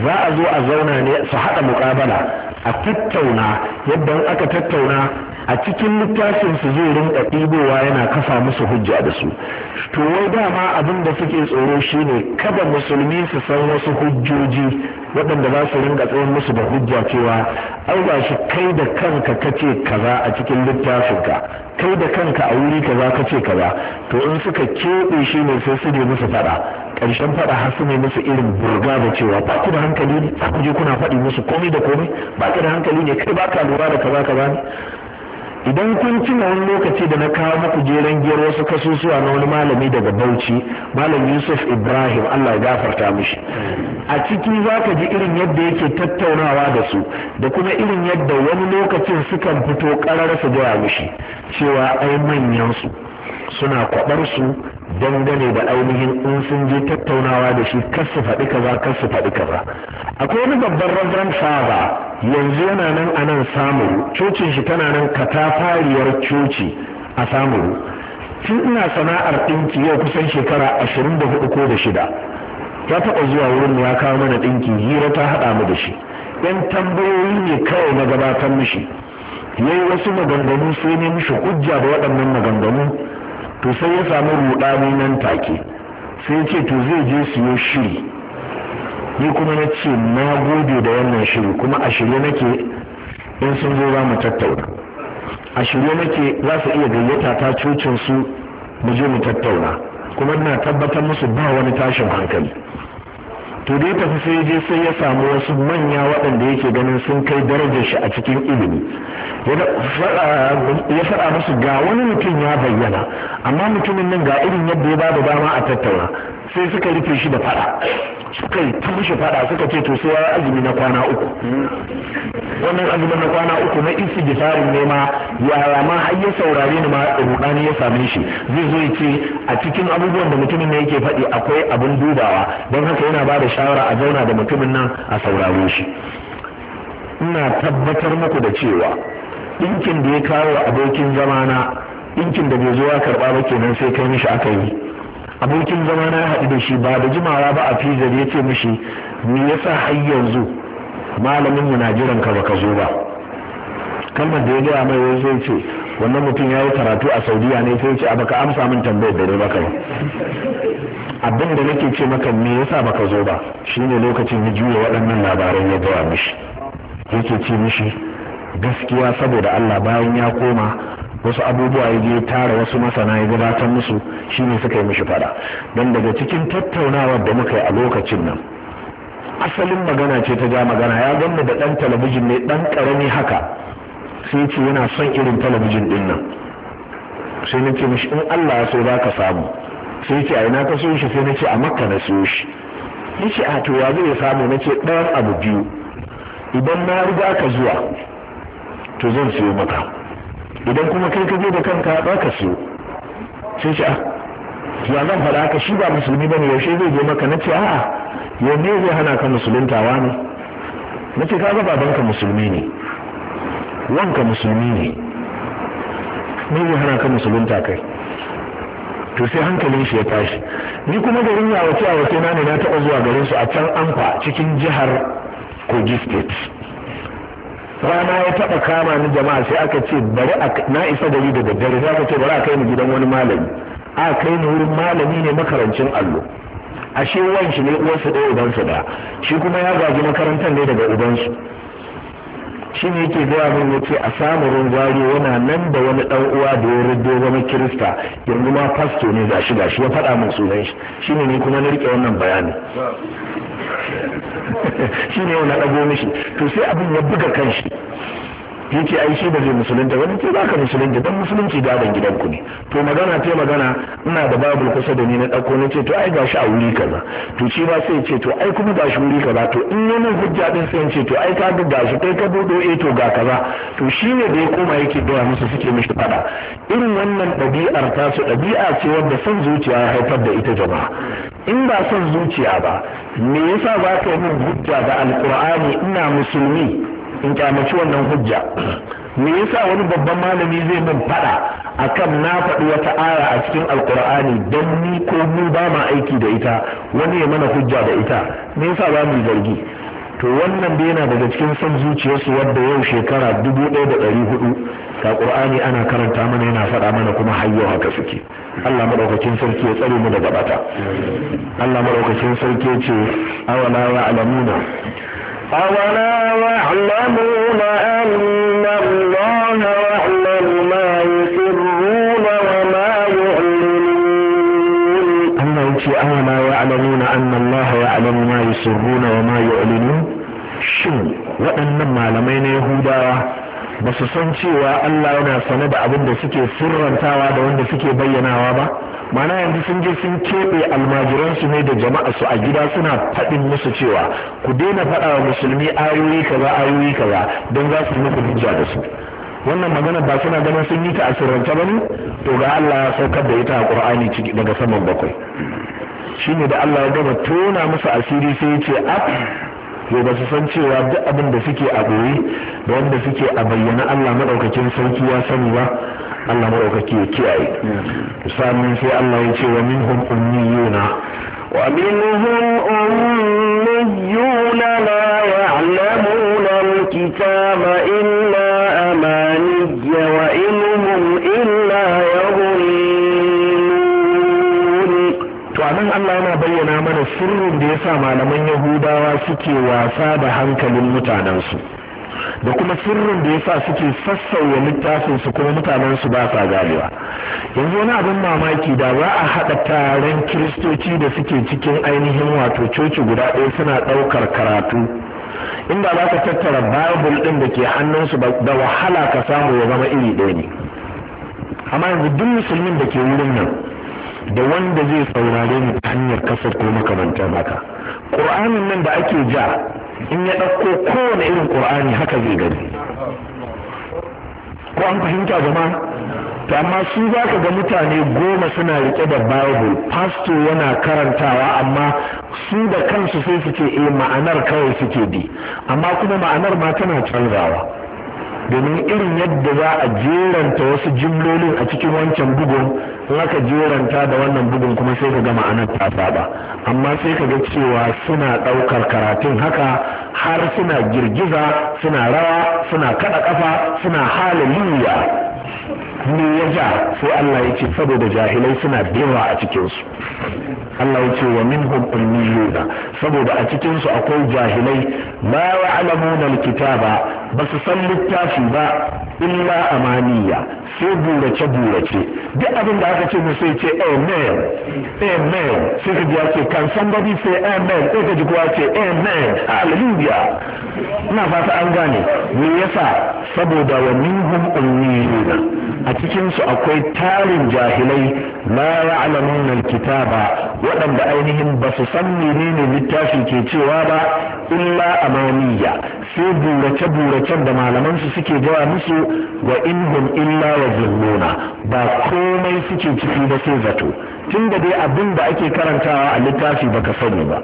za a zo a zauna ne su haɗa muƙabala a tattauna yadda aka tattauna a cikin littafinsu su zai rinka ɗibowa yana kafa musu hujja da su to wai dama abin da suke tsoro shine kada musulmi su san wasu hujjoji waɗanda za su rinka tsayin musu da hujja cewa ai ba shi kai da kanka kace kaza a cikin littafinka kai da kanka a wuri kaza kace kaza to in suka keɓe shi ne sai su ne musu faɗa ƙarshen faɗa har su ne musu irin burga da cewa ba ku da hankali ne za ku je kuna faɗi musu komai da komai ba ku da hankali ne kai ba ka lura da kaza kaza ne idan kun tuna wani lokaci da na kawo muku jeren giyar wasu kasusuwa na wani malami daga bauchi malam yusuf ibrahim allah ya gafarta mishi a ciki za ka ji irin yadda yake tattaunawa da su da kuma irin yadda wani lokacin sukan fito karar su gaya mishi cewa ai manyan su suna kwabar su dangane da ainihin in sun je tattaunawa da shi kar su faɗi kaza kar su faɗi kaza akwai wani babban reverend saba yanzu yana nan a nan samuru cocin shi tana nan katafariyar coci a samuru tun ina sana'ar ɗinki yau kusan shekara ashirin da hudu ko da shida ya taɓa zuwa wurin ya kawo mana ɗinki hira ta haɗa mu da shi yan tambayoyi ne kawai na gabatar mishi yayi wasu maganganu sai ne mishi hujja da waɗannan maganganu to sai ya samu rudani nan take sai ce to zai je siyo shiri ni kuma na ce na gode da wannan shiri kuma a shirye nake in sun zo za tattauna a shirye nake za su iya gayyata ta cocin su mu je mu tattauna kuma ina tabbatar musu ba wani tashin hankali to dai ya tafi sai je sai ya samu wasu manya waɗanda yake ganin sun kai darajar shi a cikin ilimi ya faɗa musu ga wani mutum ya bayyana amma mutumin nan ga irin yadda ya bada dama a tattauna sai suka rufe shi da faɗa suka yi tun shi faɗa suka ce to sai ya azumi na kwana uku wannan azumi na kwana uku na isi gisarin nema yaya ma har ya saurare ni ma rudani ya same shi zai zo ya ce a cikin abubuwan da mutumin ne yake faɗi akwai abin dubawa don haka yana ba da shawara a zauna da mutumin nan a saurare shi ina tabbatar muku da cewa ɗinkin da ya kawo abokin zamana ɗinkin da bai zo ya karɓa ba kenan sai kai mishi aka yi abokin zamana ya haɗu da shi ba da jimawa ba a fizar ya ce mishi me yasa har yanzu malamin mu na jiran ka baka zo ba kalmar da ya gaya mai wai zai ce wannan mutum ya yi karatu a saudiya ne sai ce a baka amsa min tambayar da ne baka yi abin da nake ce maka me yasa baka zo ba shine lokacin ya juya waɗannan labaran ya gaya mishi yake ce mishi gaskiya saboda Allah bayan ya koma wasu abubuwa ya je tara wasu masana ya gabatar musu shine suka yi mishi fada don daga cikin tattaunawar da muka yi a lokacin nan asalin magana ce ta ja magana ya ganmu da ɗan talabijin ne ɗan ƙarami haka sai ce yana son irin talabijin din nan sai na ce mishi in Allah ya so za ka samu sai ce a ina ka so shi sai na ce a makka na so shi ya ce a to ya zai samu na ce ɗayan abu biyu idan na riga ka zuwa to zan siyo maka idan kuma kai ka je da kanka za ka siyo sai ce a ya zan faɗa haka shi ba musulmi ba ne yaushe zai je maka na ce a yau ne zai hana ka musuluntawa ne na ce ka kaga babanka musulmi ne wanka musulmi ne mai zai hana ka musulunta kai to sai hankalin shi ya tashi ni kuma garin ya wace a wace na ne na taɓa zuwa garin su a can amfa cikin jihar kogi state rana ya taɓa kama ni jama'a sai aka ce bari na isa gari da daddare sai aka ce bari a kai ni gidan wani malami a kai ni wurin malami ne makarancin allo ashe wanshi ne uwarsa ɗaya ubansa ɗaya shi kuma ya gaji makarantar ne daga ubansu shi ne yake gaya min ya ce a samurin gwari yana nan da wani ɗan uwa da ya rido zama kirista yanzu ma fasto ne za shi gashi ya faɗa min sunan shi shi ne kuma na riƙe wannan bayani shi ne wani ɗago mishi to sai abin ya buga kan shi yake ai shi ba zai musulunta ba ce baka musulunta dan musulunci gidan gidanku ne to magana ce magana ina da babul kusa da ni na dauko ce to ai gashi a wuri kaza to shi ba sai ce to ai kuma gashi wuri kaza to in yana hujja din sai ce to ai ka ga gashi kai ka bodo eh to ga kaza to shi ne da ya koma yake gaya musu suke mishi fada irin wannan ɗabi'ar tasu ɗabi'a ce wadda son zuciya ya haifar da ita jama'a in ba son zuciya ba me yasa ba ka yi min hujja da alkur'ani ina musulmi in kyamaci wannan hujja me yasa wani babban malami zai min fada akan na faɗi wata aya a cikin alkur'ani don ni ko mu ba ma aiki da ita wani ya mana hujja da ita me yasa ba mu zargi to wannan da yana daga cikin son zuciyarsu wadda yau shekara dubu ɗaya da ɗari hudu ga ƙur'ani ana karanta mana yana faɗa mana kuma hayyo haka suke Allah madaukakin sarki ya tsare mu daga bata Allah madaukakin sarki ya ce awala ya alamuna أولا يعلمون أن الله يعلم ما يسرون وما يعلنون أنه في أولا يعلمون أن الله يعلم ما يسرون وما يعلنون shin waɗannan malamai na yahudawa ba su san cewa allah yana sane da abin da suke sirrantawa da wanda suke bayyanawa ba mana yanzu sun je sun keɓe almajiransu ne da jama'a su a gida suna faɗin musu cewa ku daina faɗa wa musulmi ayoyi kaza ayoyi kaza don za su muku hujja da su wannan magana ba suna ganin sun yi ta a sirrance ba ne to ga Allah ya saukar da ita a Qur'ani ciki daga saman bakwai shine da Allah ya gama tona musu asiri sai ya ce a ba su san cewa duk abin da suke a ɓoye da wanda suke a bayyana Allah madaukakin sauki ya sani ba Allah madaukaki ya kiyaye sannan sai Allah ya ce wa min minhum ummiyuna wa min minhum ummiyuna la ya'lamuna al-kitaba illa amaniyya wa ilmuhum illa yaghullun to anan Allah yana bayyana mana sirrin da yasa malaman Yahudawa suke wasa da hankalin mutanensu da kuma sirrin da ya sa suke sassauya littafin su kuma mutanen su ba sa galewa yanzu wani abin mamaki da za a haɗa taron kiristoci da suke cikin ainihin wato coci guda ɗaya suna ɗaukar karatu inda za ka tattara bible ɗin da ke hannunsu da wahala ka samu ya zama iri ɗaya ne amma yanzu duk musulmin da ke wurin nan da wanda zai saurare mu ta hanyar kasar ko makamantar haka ƙur'anin nan da ake ja in ya ɗauko kowane irin ƙur'ani haka zai gani ko an fahimta jama'a to amma su za ka ga mutane goma suna riƙe da bible pastor yana karantawa amma su da kansu sai suke eh ma'anar kawai suke bi amma kuma ma'anar ma tana canzawa domin irin yadda za a jeranta wasu jimlolin a cikin wancan bugun in aka jeranta da wannan bugun kuma sai ka ga ma'anar ta saba amma sai ka ga cewa suna ɗaukar karatun haka har suna girgiza suna rawa suna kaɗa ƙafa suna hallelujah ne ya ja sai Allah ya ce saboda jahilai suna dewa a cikinsu Allah ya ce wa minhum ummiyuna saboda a cikinsu akwai jahilai la ya'lamuna ba. ba su san littafi ba illa amaniya sai burace burace duk abin da aka ce mu sai ce amen amen sai ka ji ya ce kan somebody sai amen sai ka ji kuwa ce amen hallelujah ina fata an gane me yasa saboda wa minhum ummiyuna a cikin su akwai tarin jahilai la ya'lamun alkitaba waɗanda ainihin ba su san menene littafi ke cewa ba illa amaniya sai burace burace zaurace da malaman suke gaya musu wa inhum illa wa ba komai suke ciki ba sai zato tun da dai abin da ake karantawa a littafi baka sani ba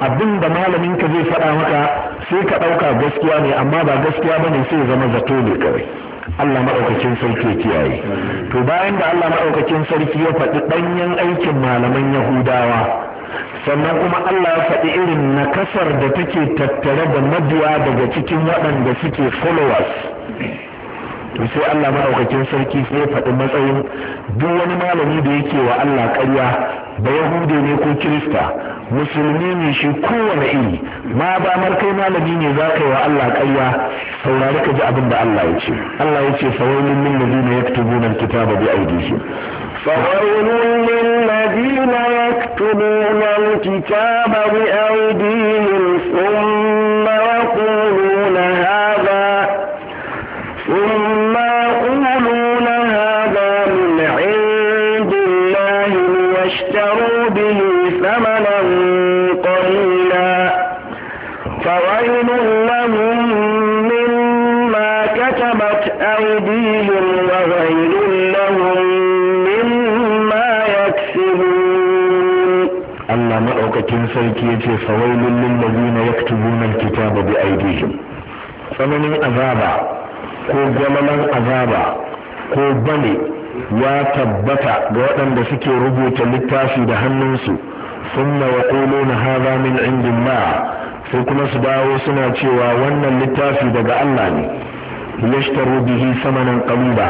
abin da malamin ka zai faɗa maka sai ka ɗauka gaskiya ne amma ba gaskiya ba ne sai ya zama zato ne kawai Allah maɗaukakin sarki ya kiyaye to bayan da Allah maɗaukakin sarki ya faɗi ɗanyen aikin malaman Yahudawa sannan kuma Allah ya faɗi irin nakasar da take tattare da mabiya daga cikin waɗanda suke followers to sai Allah maɗaukakin sarki sai ya faɗi matsayin duk wani malami da yake wa Allah ƙarya ba Yahude ne ko Kirista musulmi ne shi kowane iri ma ba kai malami ne za ka yi wa Allah ƙarya saurari ka ji abin da Allah ya ce Allah ya ce fawailun lil ladina yaktubuna alkitaba bi aydihim fawailun lil ladina yaktubuna alkitaba bi aydihim sarki ya ce fawailun lillazina yaktubuna alkitaba bi aidihim tsananin azaba ko gwalalan azaba ko bane ya tabbata ga waɗanda suke rubuta littafi da hannunsu kolo yaquluna hadha min indillah sai kuma su dawo suna cewa wannan littafi daga Allah ne yashtaru bihi samanan qalila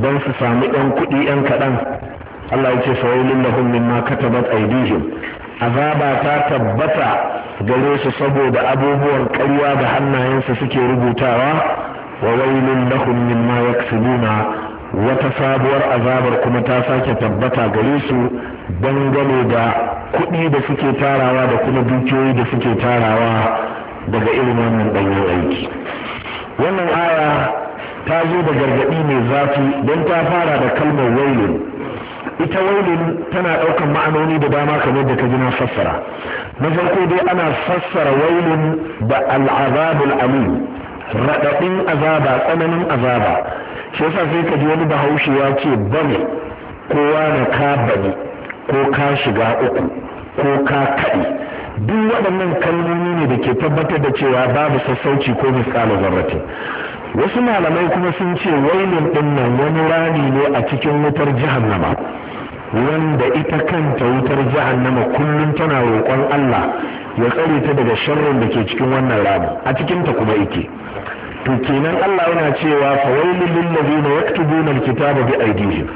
dan su sami ɗan kuɗi ɗan kaɗan Allah ya ce fawailun lahum mimma katabat aydihim azaba ta tabbata gare su saboda abubuwan ƙarya da hannayensu suke rubutawa wa wailun lahum mimma yaksubuna wata sabuwar azabar kuma ta sake tabbata gare su dangane da kuɗi da suke tarawa da kuma dukiyoyi da suke tarawa daga irin wannan ɗanyen aiki wannan aya ta zo da gargaɗi mai zafi don ta fara da kalmar wailun ita wailin tana ɗaukar ma'anoni da dama kamar da ta ji na fassara na farko dai ana fassara wailin da al'azabul alim raɗaɗin azaba tsananin azaba shi yasa sai ka ji wani bahaushe ya ce bane kowa na ka bane ko ka shiga uku ko ka kaɗe duk waɗannan kalmomi ne da ke tabbatar da cewa babu sassauci ko misali zarratin wasu malamai kuma sun ce wailin ɗin nan wani rani ne a cikin wutar nama. wanda ita kanta wutar jahannama kullum tana roƙon Allah ya tsare ta daga sharrin da ke cikin wannan ramu a cikin ta kuma yake to kenan Allah yana cewa fawailul lil ladina yaktubuna alkitaba bi aydihim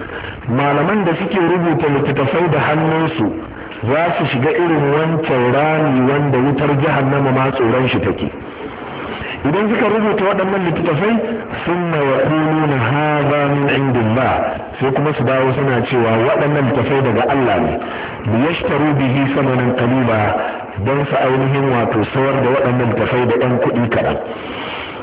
malaman da suke rubuta littattafai da hannunsu za su shiga irin wancan rami wanda wutar jahannama ma tsoron shi take idan suka rubuta waɗannan littattafai sun na ya na haza min indin ba sai kuma su dawo suna cewa waɗannan littattafai daga Allah ne bi yashtaru bihi samanin qaliba don su ainihin wato sawar da waɗannan littattafai da ɗan kuɗi kaɗan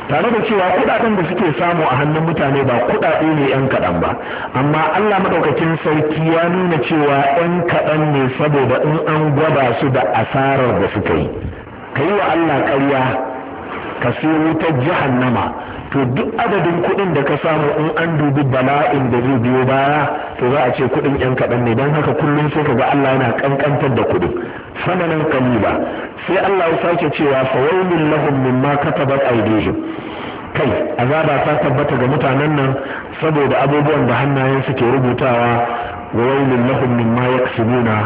tare da cewa kuɗaɗen da suke samu a hannun mutane ba kuɗaɗe ne yan kaɗan ba amma Allah maɗaukakin sarki ya nuna cewa yan kaɗan ne saboda in an gwada su da asarar da suka yi Ka yi wa Allah ƙarya ka siyo wutar jahannama to duk adadin kuɗin da ka samu in an dubi bala'in da zai biyo baya to za a ce kuɗin yan kaɗan ne don haka kullum sai ka ga Allah yana kankantar da kuɗin sananan kalila sai Allah ya sake cewa fawailul lahum mimma katabat aydihim kai azaba ta tabbata ga mutanen nan saboda abubuwan da hannayensu ke rubutawa wa wailul lahum mimma yaksubuna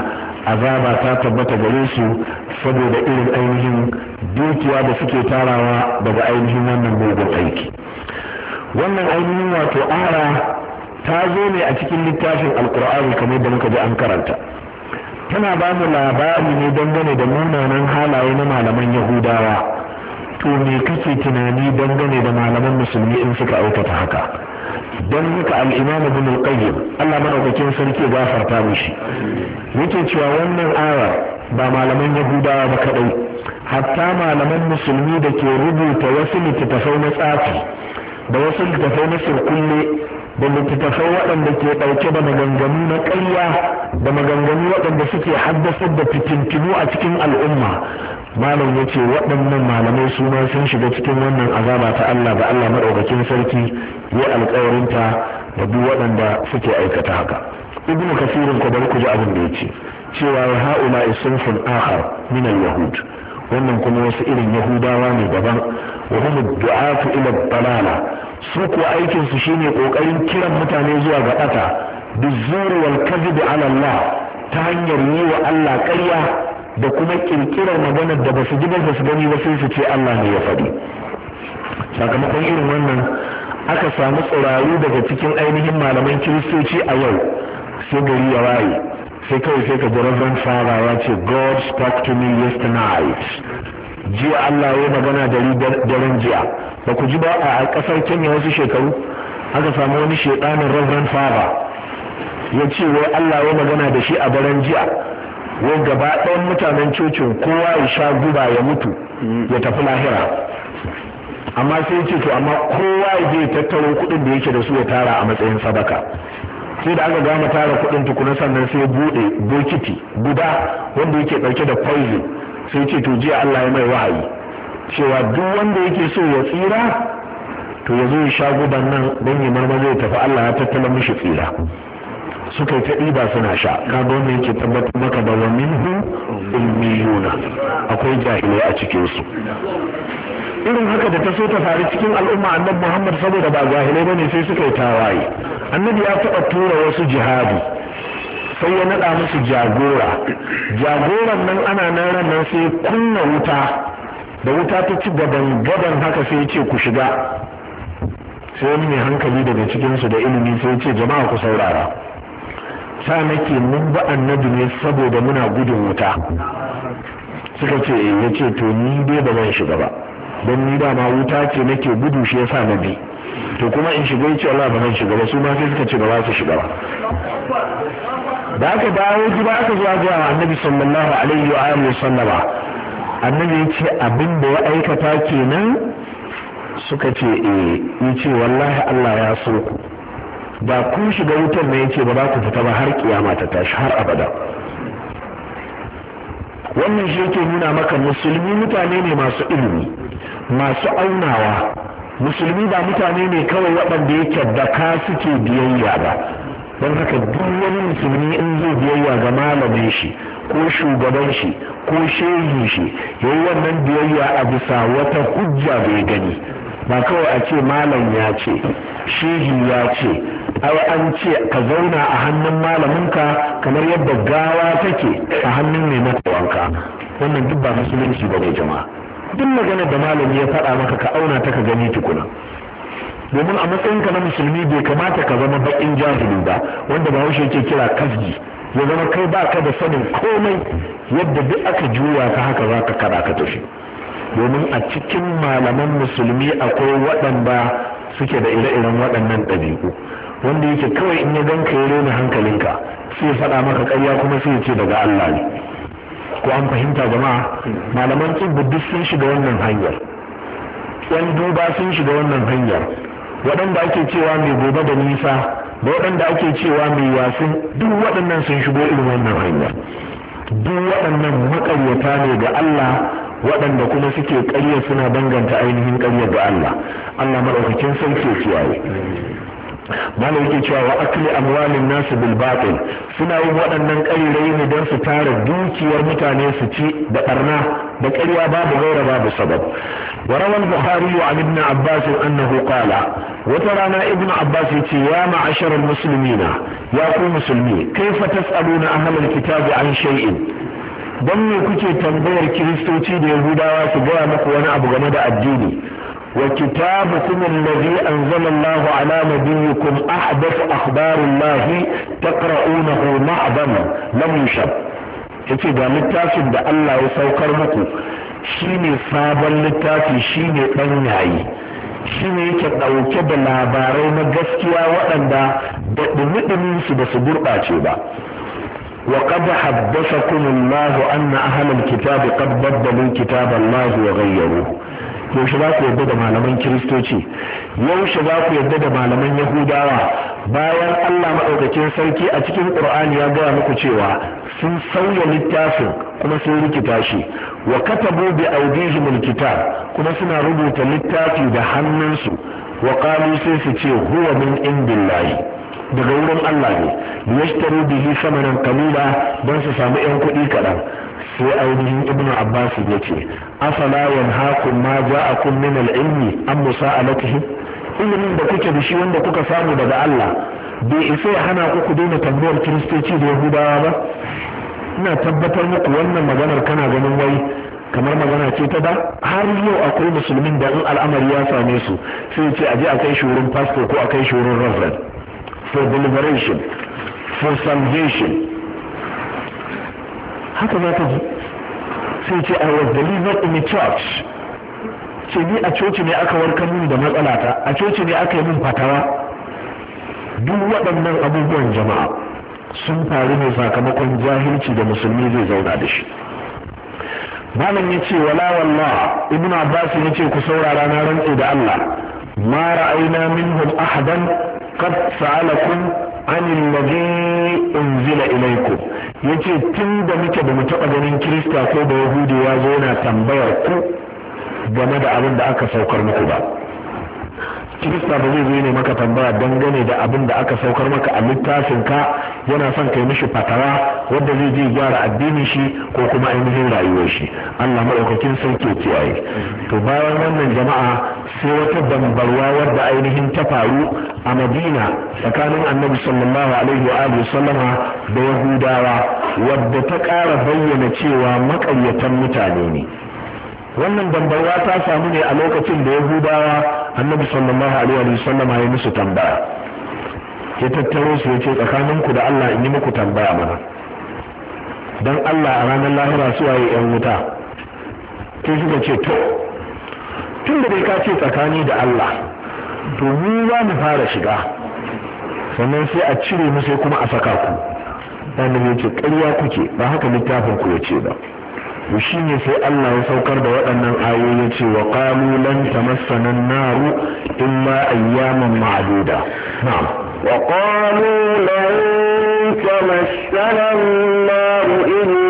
azaba ta tabbata gare su saboda irin ainihin dukiya da suke tarawa daga ainihin wannan mugun aiki wannan ainihin wato ara ta zo ne a cikin littafin alkur'ani kamar da muka ji an karanta tana ba mu labari ne dangane da munanan halaye na malaman yahudawa to me kake tunani dangane da malaman musulmi in suka aikata haka don haka al'imamu bin al-qayyim Allah madaukakin sarki gafarta mishi yake cewa wannan aya ba malaman yahudawa ba kadai hatta malaman musulmi da ke rubuta wasu littattafai na tsafi da wasu littattafai na sirkulle da littattafai waɗanda ke ɗauke da maganganu na ƙarya da maganganu waɗanda suke haddasar da fitintinu a cikin al'umma malam ya ce waɗannan malamai su ma sun shiga cikin wannan azaba ta Allah da Allah maɗaukakin sarki ya alƙawarinta da duk waɗanda suke aikata haka ibn kasirin ku bari ku ji abin da ya ce cewa ya ha'ula isunfun akhar min al-yahud wannan kuma wasu irin yahudawa ne daban wa hum du'atu ila dalala su ko aikin su shine kokarin kiran mutane zuwa ga bata bizuri wal kadhib ala Allah ta hanyar yi wa Allah ƙarya da kuma kirkirar maganar da ba su ji ba su gani ba sai su ce Allah ne ya faɗi sakamakon irin wannan aka samu tsirayu daga cikin ainihin malaman kiristoci a yau sai gari ya waye sai kawai sai ka ji Reverend Father ya ce God spoke to me yesterday jiya Allah ya magana da daren jiya ba ku ji ba a kasar Kenya wasu shekaru aka samu wani shedanin Reverend Father ya ce wai Allah ya magana da shi a daren jiya wai gaba ɗayan mutanen cocin kowa ya sha guba ya mutu ya tafi lahira amma sai ce to amma kowa ya je tattaro kuɗin da yake da su ya tara a matsayin sadaka sai da aka gama tara kuɗin tukuna sannan sai buɗe bokiti guda wanda yake ɗauke da kwaizu sai ce to jiya Allah ya mai wahayi cewa duk wanda yake so ya tsira to ya zo ya sha guban nan don ya marmar ya tafi Allah ya tattala mishi tsira suka yi ta ba suna sha kaga wanda yake tabbatar maka da wa minhu ummiyuna akwai jahilai a cikin su irin haka da ta so ta faru cikin al'umma annabi Muhammad saboda ba jahilai ne sai suka yi tawaye annabi ya taɓa tura wasu jihadi sai ya naɗa musu jagora jagoran nan ana nan ranar sai kunna wuta da wuta ta ci gaban gaban haka sai ya ce ku shiga sai wani mai hankali daga cikinsu da ilimi sai ya ce jama'a ku saurara sa nake mun ba annabi ne saboda muna gudun wuta suka ce eh, ya ce to ni dai ba zan shiga ba don ni dama wuta ce nake gudu shi yasa na bi to kuma in shiga ya ce Allah ba zan shiga ba su ma sai suka ce ba za su shiga ba da aka dawo gida aka zuwa ga annabi sallallahu alaihi wa alihi wasallama annabi ya ce abin da ya aikata kenan suka ce eh ya ce wallahi Allah ya so ku ba kun shiga wutan ne yake ba za ku fita ba har kiyama ta tashi har abada wannan shi yake nuna maka musulmi mutane ne masu ilimi masu aunawa musulmi ba mutane ne kawai waɗanda yake da ka suke biyayya ba don haka duk wani musulmi in zai biyayya ga malamin shi ko shugaban shi ko shehi shi yayi wannan biyayya a bisa wata hujja bai gani ba kawai a ce malam ya ce shehi ya ce ai an ce ka zauna a hannun malaminka kamar yadda gawa take a hannun mai matawanka wanka wannan duk ba musulunci ba ne jama'a duk maganar da malami ya faɗa maka ka auna ta ka gani tukuna domin a matsayin ka na musulmi bai kamata ka zama baƙin jahili ba wanda ba haushe ke kira kasgi ya zama kai ba ka da sanin komai yadda duk aka juya ka haka za ka kada ka tafi domin a cikin malaman musulmi akwai waɗanda suke da ire-iren waɗannan ɗabi'u wanda yake kawai in ya ganka ya rena hankalinka sai ya faɗa maka ƙarya kuma sai ya ce daga Allah ne ko an fahimta jama'a malaman tsibbi duk sun shiga wannan hanyar yan duba sun shiga wannan hanyar waɗanda ake cewa mai gobe da nisa da waɗanda ake cewa mai wasin duk waɗannan sun shigo irin wannan hanyar duk waɗannan maƙaryata ne ga Allah waɗanda kuma suke ƙarya suna danganta ainihin ƙarya ga Allah Allah maɗaukakin sarki ya kiyaye mana yake cewa wa akli amwalin nasu bil batil suna yin waɗannan ƙarirai ne don su tara dukiyar mutane su ci da barna da ƙarya babu gaira babu sabab wa rawal bukhari an ibn abbas annahu qala wata rana ibn abbas yace ya ma'ashar muslimina ya ku musulmi kaifa tas'aluna ahlal kitabi an shay'in dan me kuke tambayar kiristoci da yahudawa su gaya muku wani abu game da addini وكتابكم الذي أنزل الله على نبيكم أحدث أخبار الله تقرؤونه معظما لم يشب yake ga littafin da allahu ya saukar muku shine sabon littafi shine ɗan yayi shine yake ɗauke da labarai na gaskiya waɗanda da dumi su ba su gurɓace ba وقد حدثكم anna أن kitabi الكتاب قد بدلوا كتاب الله وغيروه yaushe za ku yarda da malaman kiristoci yaushe za ku yarda da malaman yahudawa bayan allah maɗaukakin sarki a cikin ƙur'ani ya gaya muku cewa sun sauya littafin kuma sun rikita shi wa katabu bi audihimul rikita kuma suna rubuta littafi da hannunsu wa qalu sai su ce huwa min indillahi daga wurin Allah ne yashtaru bihi samanan kalila don su samu yan kuɗi kaɗan sai ainihin ibn abbas ya ce afala yanhaakum ma ja'akum min al-ilmi an musa'alatihi ilimin da kuke da shi wanda kuka samu daga Allah bai isa ya hana ku ku daina tambayar kiristoci da yahudawa ba ina tabbatar muku wannan maganar kana ganin wai kamar magana ce ta da har yau akwai musulmin da in al'amari ya same su sai ce aje a kai shi wurin pastor ko a kai shi wurin reverend for deliberation for salvation haka za ka ji sai ce i was delivered in a church ce ni a coci ne aka warkar min da matsalata a coci ne aka yi min fatawa duk waɗannan abubuwan jama'a sun faru ne sakamakon jahilci da musulmi zai zauna da shi malam ya ce wala wallah ibn abbas ya ce ku saurara na rantse da allah ma ra'ayna minhum ahadan qad sa'alakum an alladhi unzila ilaykum ya ce tun da muke ba mu taɓa ganin kirista ko da yahudi ya zo yana tambayar ku game da abin da aka saukar muku ba kirista ba zai zo ne maka tambaya dangane da abin da aka saukar maka a littafin ka yana son kai mishi fatara wanda zai je gyara addinin shi ko kuma ainihin rayuwar shi allah maɗaukakin sauke kiyaye to bayan wannan jama'a sai wata bambarwa wadda ainihin ta faru a madina tsakanin annabi sallallahu alaihi wa alihi sallama da yahudawa wadda ta ƙara bayyana cewa maƙaryatan mutane ne wannan bambarwa ta samu ne a lokacin da yahudawa annabi sallallahu alaihi wa sallama ya musu tambaya ya tattaro su ya ce tsakaninku da allah in yi muku tambaya mana dan allah a ranar lahira suwaye yan wuta sai suka ce to tun da dai ka ce tsakani da Allah to mu za mu fara shiga sannan sai a cire mu sai kuma a saka ku annabi ya ce ƙarya kuke ba haka littafin ku yace ce ba to shine sai Allah ya saukar da waɗannan ayoyi ya ce wa qalu lan tamassana an-naru illa ayyaman ma'duda na'am wa qalu lan tamassana an-naru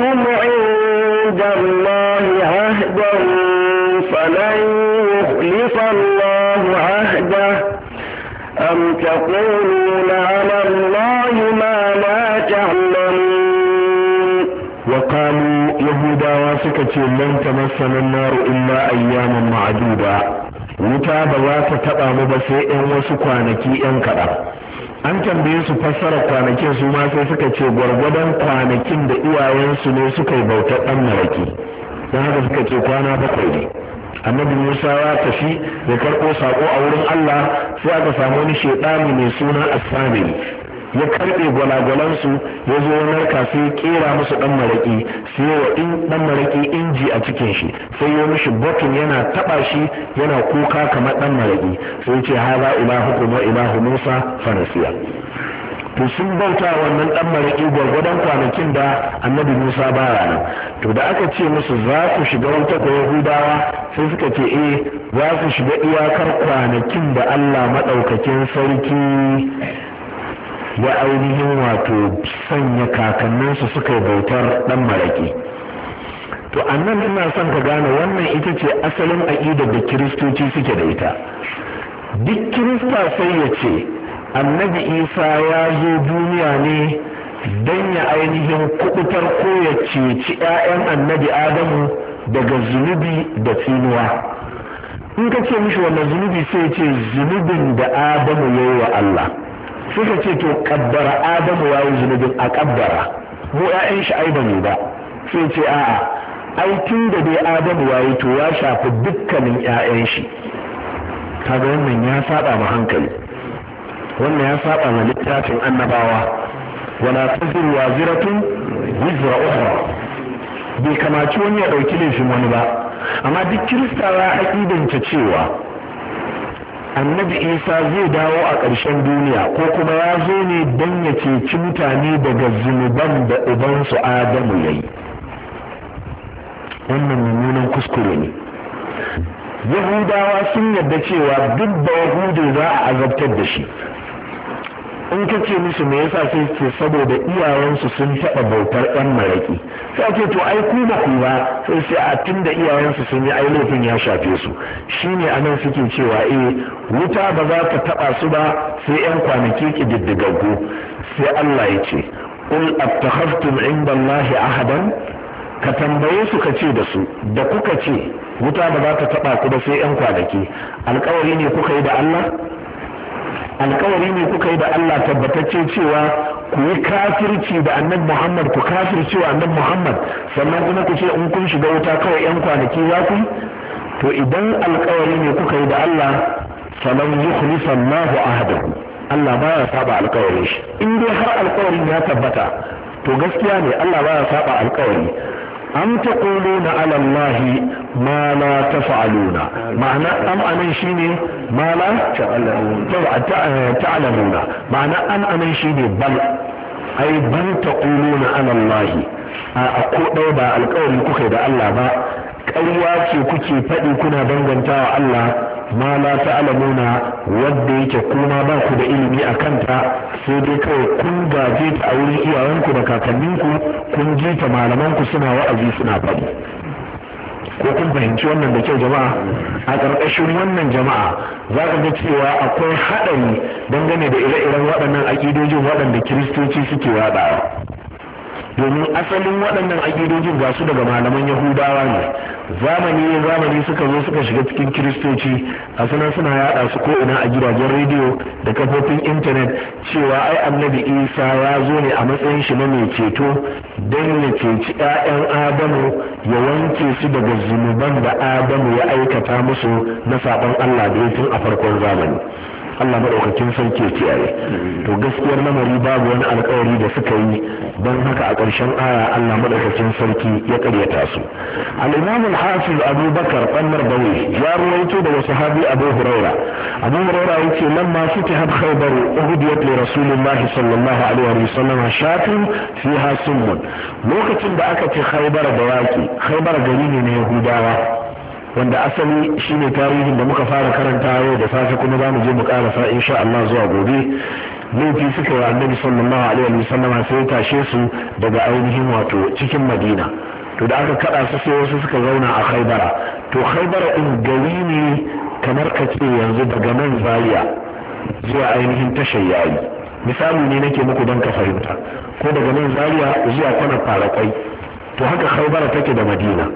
عاهدتم عند الله عهدا فلن يخلف الله عهده أم تقولون على الله ما لا تعلمون وقالوا يهودا وسكة لن تمسنا النار إلا أياما معدودة wuta ba za ta taɓa mu ba sai 'yan wasu kwanaki 'yan kaɗan an tambaye su fassara kwanakin su ma sai suka ce gwargwadon kwanakin da iyayensu ne suka yi bautar ɗan maraki don haka suka ce kwana bakwai ne annabi musa ya tafi ya karɓo saƙo a wurin allah sai aka samu wani shaidani mai suna asfamil ya karɓe gwalagwalansu ya zo ya narka sai ya kera musu ɗan maraƙi sai wa ɗan maraƙi inji a cikin shi sai ya mishi bokin yana taɓa shi yana kuka kamar ɗan maraƙi sai ce haza ilahukum wa ila musa fanasiya to sun bauta wannan ɗan maraƙi gwargwadon kwanakin da annabi musa baya nan to da aka ce musu za su shiga wuta ko yahudawa sai suka ce eh za su shiga iyakar kwanakin da allah maɗaukakin sarki ya ainihin wato sanya kakanninsu suka bautar dan maraƙi to annan ina son ka gane wannan ita ce asalin aƙida da kiristoci suke da ita duk kirista sai ya ce annabi isa ya zo duniya ne don ya ainihin kuɓutar ko ya ceci 'ya'yan annabi adamu daga zunubi da tsinuwa in ka ce mishi wannan zunubi sai ce zunubin da adamu ya wa allah suka ce to kaddara adamu ya yi zunubin a kaddara mu ƴaƴan shi ai ba ne ba sai ce a'a ai tun da dai adamu ya yi to ya shafi dukkanin yayan shi kaga wannan ya saba ma hankali wannan ya saba ma littafin annabawa wala taziru waziratun wizra ukhra bai kamaci wani ya dauki laifin wani ba amma duk kirista ya cewa annabi isa zai dawo a ƙarshen duniya ko kuma ya zo ne don ya ceci mutane daga zunuban da ubansu adamu ya yi wannan mummunan kuskure ne yahudawa sun yarda cewa duk da yahudu za a azabtar da shi in ka ce musu me yasa sai ce saboda iyayensu sun taɓa bautar ɗan maraƙi sai ake to ai ku ba ku ba sai sai a tun da iyayensu sun yi ai laifin ya shafe su shine nan suke cewa eh wuta ba za ka taɓa su ba sai ƴan kwanaki ƙididdigaggu sai Allah ya ce qul attakhaftum inda Allahi ahadan ka tambaye su ka ce da su da kuka ce wuta ba za ta taɓa ku ba sai ƴan kwanaki alƙawari ne kuka yi da Allah alkawari ne kuka yi da Allah tabbatacce cewa ku yi kafirci da annabi Muhammad ku kafirci wa annabi Muhammad sannan kuma ku ce in kun shiga wuta kawai yan kwanaki za ku to idan alkawari ne kuka yi da Allah falan yukhlisa Allahu ahadakum Allah baya saba alkawarin shi in dai har alkawarin ya tabbata to gaskiya ne Allah baya saba alkawari am taquluna na allahi ma la taf'aluna ma'ana am anan shine ma la ta'lamuna ma'ana am anan shine bal ai bal taquluna ala allahi a ko dai ba alƙawari kuka da Allah ba ƙarya ce kuke faɗi kuna danganta wa Allah ma la ta'lamuna wanda yake kuma ba ku da ilimi a kanta sai dai kawai kun gaje ta a wurin iyayenku da kakanninku kun ji ta malamanku suna wa'azi suna faɗi ko kun fahimci wannan da kyau jama'a a ƙarƙashin wannan jama'a za ka ga cewa akwai haɗari dangane da ire-iren waɗannan aƙidojin waɗanda kiristoci suke waɗawa domin asalin waɗannan aƙidojin ga su daga malaman yahudawa ne zamani zamani suka zo suka shiga cikin kiristoci a suna suna yada su ko ina a gidajen rediyo da kafofin intanet cewa ai annabi isa ya zo ne a matsayin shi na mai ceto don ya ceci 'ya'yan adamu ya wanke su daga zunuban da adamu ya aikata musu na sabon allah da tun a farkon zamani Allah madaukakin sarki ya kiyaye to gaskiyar lamari babu wani alkawari da suka yi don haka a ƙarshen aya Allah maɗaukakin sarki ya karyata su al-imam al-hafiz Abu Bakar Qammar Bawi ya da wasu sahabi Abu Huraira Abu Huraira yake lamma futihat Khaybar uhdiyat li Rasulillahi sallallahu alaihi wa sallam shatin fiha summun lokacin da aka ce Khaybar da yaki Khaybar gari ne na Yahudawa wanda asali shine tarihin da muka fara karanta yau da safe kuma za mu je mu karasa insha Allah zuwa gobe laifi suka yi annabi sallallahu alaihi wa sallama sai tashe su daga ainihin wato cikin madina to da aka kada su sai wasu suka zauna a khaibara to khaibara din gari ne kamar ka ce yanzu daga nan zaria zuwa ainihin tashar yayi misali ne nake muku don ka fahimta ko daga nan zaria zuwa kwana farakwai to haka khaibara take da madina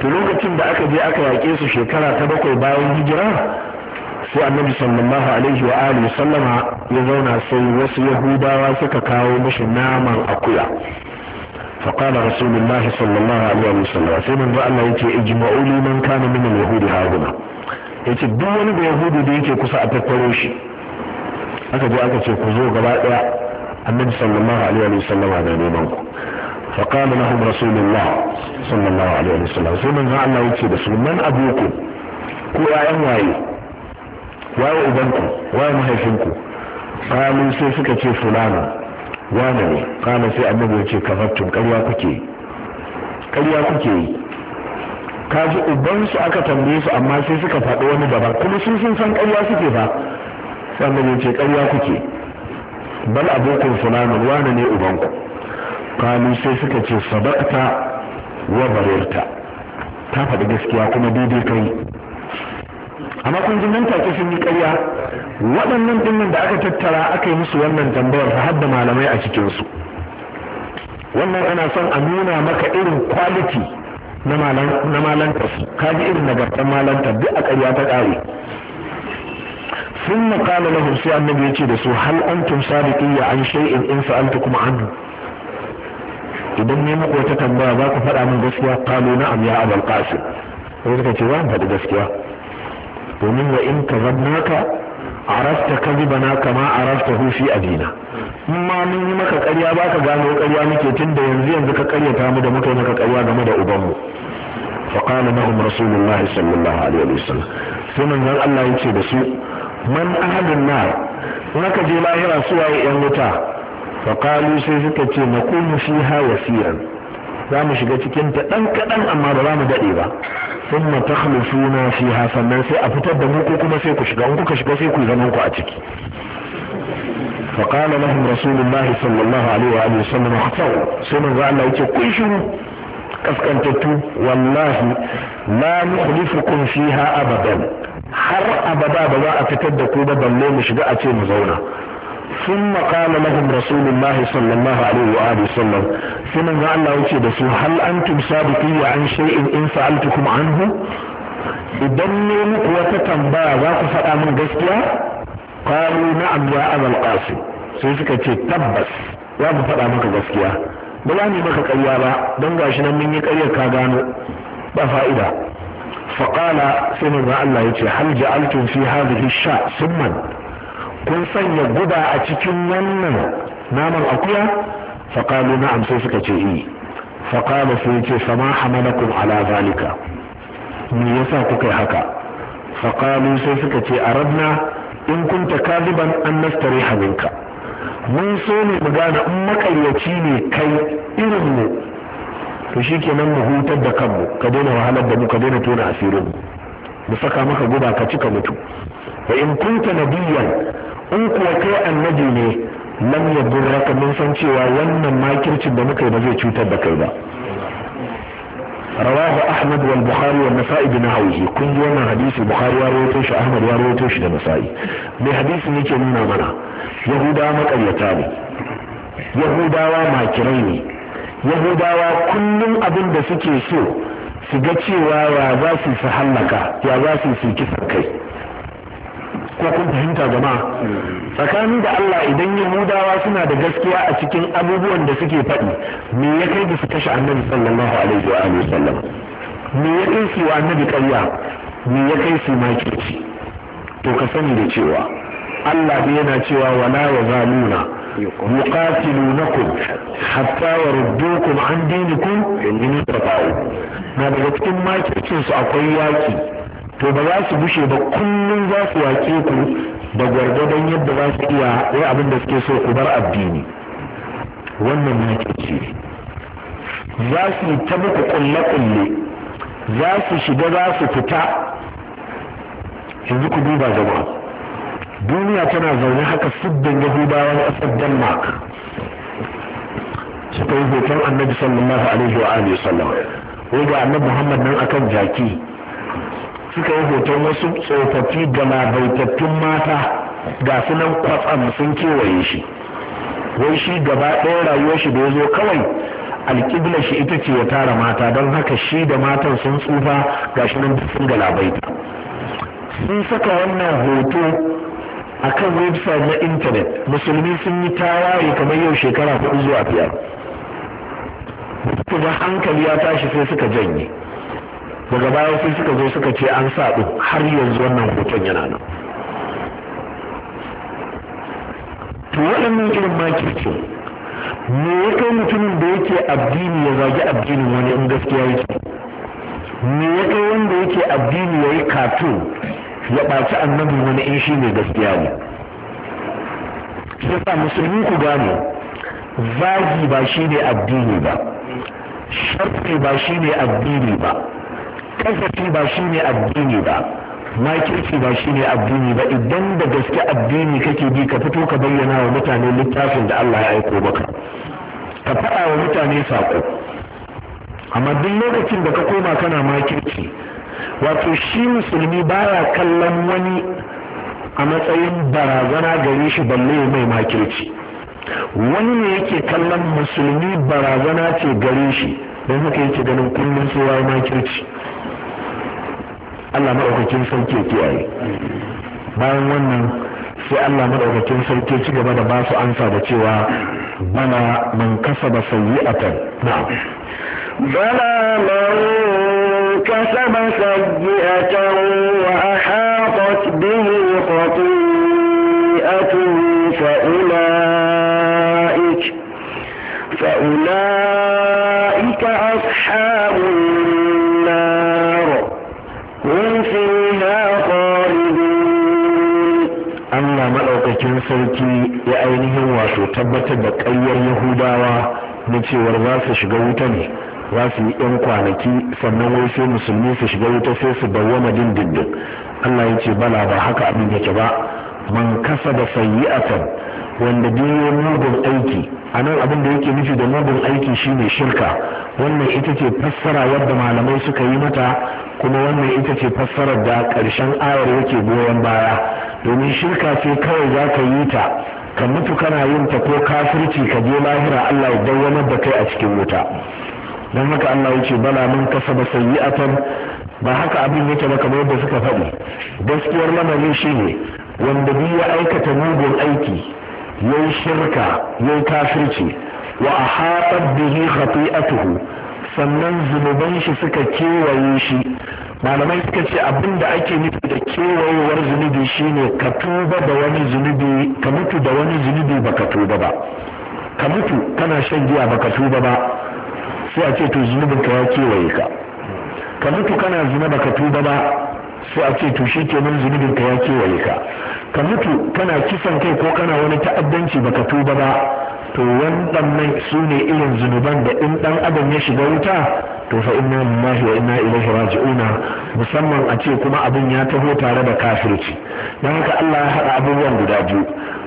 to lokacin da aka je aka yaƙe su shekara ta bakwai bayan hijira sai annabi sallallahu alaihi wa alihi sallama ya zauna sai wasu yahudawa suka kawo mishi naman akuya fa رسول rasulullahi sallallahu alaihi wa وسلم sai manzo Allah yake ijma'u liman kana min al-yahudi هاغنا yace duk wani da yahudi da yake kusa a tattaro shi aka je aka ce ku zo gaba daya annabi sallallahu alaihi wa sallama da neman ku فقال لهم رسول الله صلى الله عليه وسلم sai manzo Allah yace da su man abuku yayan waye waye ubanku waye mahaifinku kalu sai suka ce fulana wane ne kana sai annabi yace kafattun ƙarya kuke ƙarya kuke yi kaji ubansu aka tambaye su amma sai suka faɗi wani daban kuma sun san ƙarya suke fa sai annabi yace ƙarya kuke bal abokin fulana wane ne ubanku kalu sai suka ce sadaqta wa barirta ta faɗi gaskiya kuma daidai kai amma kun ji nan take sun yi ƙarya waɗannan dinnan da aka tattara aka yi musu wannan tambayar ta hadda malamai a cikinsu. wannan ana son a nuna maka irin kwaliti na malantar su kaji irin nagartar malantar duk a ƙarya ta ƙare sun maƙala lahum sai annabi ya ce da su hal antum sadiqiyya an shay'in in kuma anhu idan ne muku wata tambaya za ku faɗa min gaskiya qalu na'am ya abul qasim sai suka ce wani faɗi gaskiya domin wa in ka arafta kadhibana kama araftahu fi adina in ma mun yi maka ƙarya ba ka gano ƙarya muke tun da yanzu yanzu ka ƙaryata mu da muka yi maka ƙarya game da ubanmu فقال لهم رسول الله Allah الله عليه وسلم ثم قال الله يتي na من أهل je lahira su waye yan wuta. faƙalu sai suka ce na kuma fi hawa fiyan za mu shiga cikin ta ɗan kaɗan amma ba za mu daɗe ba sun ma ta na fi sannan sai a fitar da mu ko kuma sai ku shiga in kuka shiga sai ku zaman ku a ciki faƙala lahum rasulullahi sallallahu alaihi wa alihi sallam hatsau sai manzo Allah yake kun shiru kaskantattu wallahi la nukhlifukum fiha abadan har abada ba za a fitar da ku ba balle mu shiga a ce mu zauna ثم قال لهم رسول الله صلى الله عليه وآله وسلم ثم قال الله يتدسوا هل أنتم صادقين عن شيء إن سألتكم عنه idan ne kuwa wata tambaya za ku faɗa min gaskiya qalu na'am ya abul sai suka ce tabbas za mu faɗa maka gaskiya ba za mu maka ƙarya ba don gashi nan mun yi ka gano ba fa'ida faqala sai manzo Allah yace hal ja'altum fi sha summan kun sanya guba a cikin wannan naman akuya faƙalu na'am sai suka ce yi eh. faƙalu sai ce sama hamalakum ala zalika me yasa kuka yi haka faƙalu sai suka ce a rabna in kunta ban an nastare haminka mun so ne mu gane in makaryaci ne kai irin mu to shi kenan mu hutar da kanmu ka daina wahalar da mu ka daina tona asirin mu saka maka guba ka cika mutu fa in kunta nabiyyan in kuwa kai annabi ne lam yadurraka mun san cewa wannan makircin da muka yi ba zai cutar da kai ba رواه احمد والبخاري والنسائي بنحوه كن wannan hadisi bukhari ya rawaito shi ahmad ya rawaito shi da nasa'i me hadisi ne ke nuna mana yahudawa makaryata ne yahudawa makirai ne yahudawa kullum abin da suke so su ga cewa ya za su su hallaka ya za su kisan kai ko kun fahimta jama'a tsakanin da Allah idan Yahudawa suna da gaskiya a cikin abubuwan da suke faɗi me ya kai da su kashe annabi sallallahu alaihi wa alihi sallam me ya kai su annabi ƙarya me ya kai su makirci to ka sani da cewa Allah ne yana cewa wala wa zaluna yuqatilunakum hatta yaruddukum an dinikum in istata'u na daga cikin makircin su akwai yaki to ba za su bushe ba kullum za su wake ku da gwargwadon yadda za su iya wai abin da suke so ku bar addini wannan ya ce za su yi ta muku kulle-kulle za su shiga za su fita yanzu ku duba jama'a duniya tana zaune haka siddan yahudawan ƙasar denmark suka yi hoton annabi sallallahu alaihi wa alihi sallam wai ga annabi muhammad nan akan jaki suka yi hoton wasu tsofaffi da mabaitattun mata ga su nan kwatsam sun kewaye shi wai shi gaba ɗaya rayuwar shi da ya zo kawai alƙibla shi ita ce ya tara mata don haka shi da matan sun tsufa ga shi nan sun galabaita sun saka wannan hoto a kan website na intanet musulmi sun yi tawaye kamar yau shekara hudu zuwa biyar kuma hankali ya tashi sai suka janye daga baya sai suka zo suka ce an saɗu har yanzu wannan hoton yana nan to waɗannan irin makirci me ya kai mutumin da yake addini ya zagi addinin wani in gaskiya yake me ya kai wanda yake addini ya yi kato ya ɓaci annabi wani in shi ne gaskiya ne sa musulmi ku gane zagi ba shi ne addini ba shafi ba shi ne addini ba kasafi ba shi ne addini ba makirci ba shi ne addini ba idan da gaske addini kake bi ka fito ka bayyana wa mutane littafin da Allah ya aiko maka ka faɗa wa mutane saƙo amma duk lokacin da ka koma kana makirci wato shi musulmi baya kallon wani a matsayin barazana gare shi balle mai makirci wani ne yake kallon musulmi barazana ce gare shi don haka yake ganin kullum sai makirci Allah madaukakin sarki ya kiyaye bayan wannan sai Allah madaukakin sarki ci gaba da basu ansa da cewa bana man kasaba sayyi'atan na'am bana man kasaba sayyi'atan wa ahatat bihi khati'atuhu fa ulaik fa ulaik maɗaukakin sarki ya ainihin wato tabbatar da ƙayyar yahudawa na cewar za su shiga wuta ne za su yi yan kwanaki sannan wai sai musulmi su shiga wuta sai su dawwama dindindin allah ya ce bala ba haka abin yake ba man kasa da sayyi'atan wanda biyo mugun aiki a nan abin da yake nufi da mugun aiki shine shirka wannan ita ce fassara wadda malamai suka yi mata kuma wannan ita ce fassarar da ƙarshen ayar yake goyon baya domin shirka ce kawai za ka yi ta ka mutu kana yin ta ko kafirci ka je lahira Allah ya dawwamar da kai a cikin wuta don haka Allah ya ce bala mun ba sayyi'atan ba haka abin yake ba kamar yadda suka faɗi gaskiyar lamarin shine wanda biyu ya aikata mugun aiki yayi shirka yayi kafirci wa ahatat bihi khati'atuhu sannan zunuban shi suka kewaye shi malamai suka ce abin da ake nufi da kewayewar zunubi shine ka tuba da wani zunubi ka mutu da wani zunubi ba ka tuba ba ka mutu kana shan giya ba ka tuba ba sai a ce to zunubin ka ya kewaye ka ka mutu kana zina ka tuba ba sai a ce to shi nan zunubin ka ya kewaye ka ka mutu kana kisan kai ko kana wani ta'addanci ba ka tuba ba to waɗannan su ne irin zunuban da in ɗan adam ya shiga wuta to fa inna lillahi wa inna ilaihi raji'una musamman a ce kuma abin ya taho tare da kafirci dan haka Allah ya haɗa abubuwan guda biyu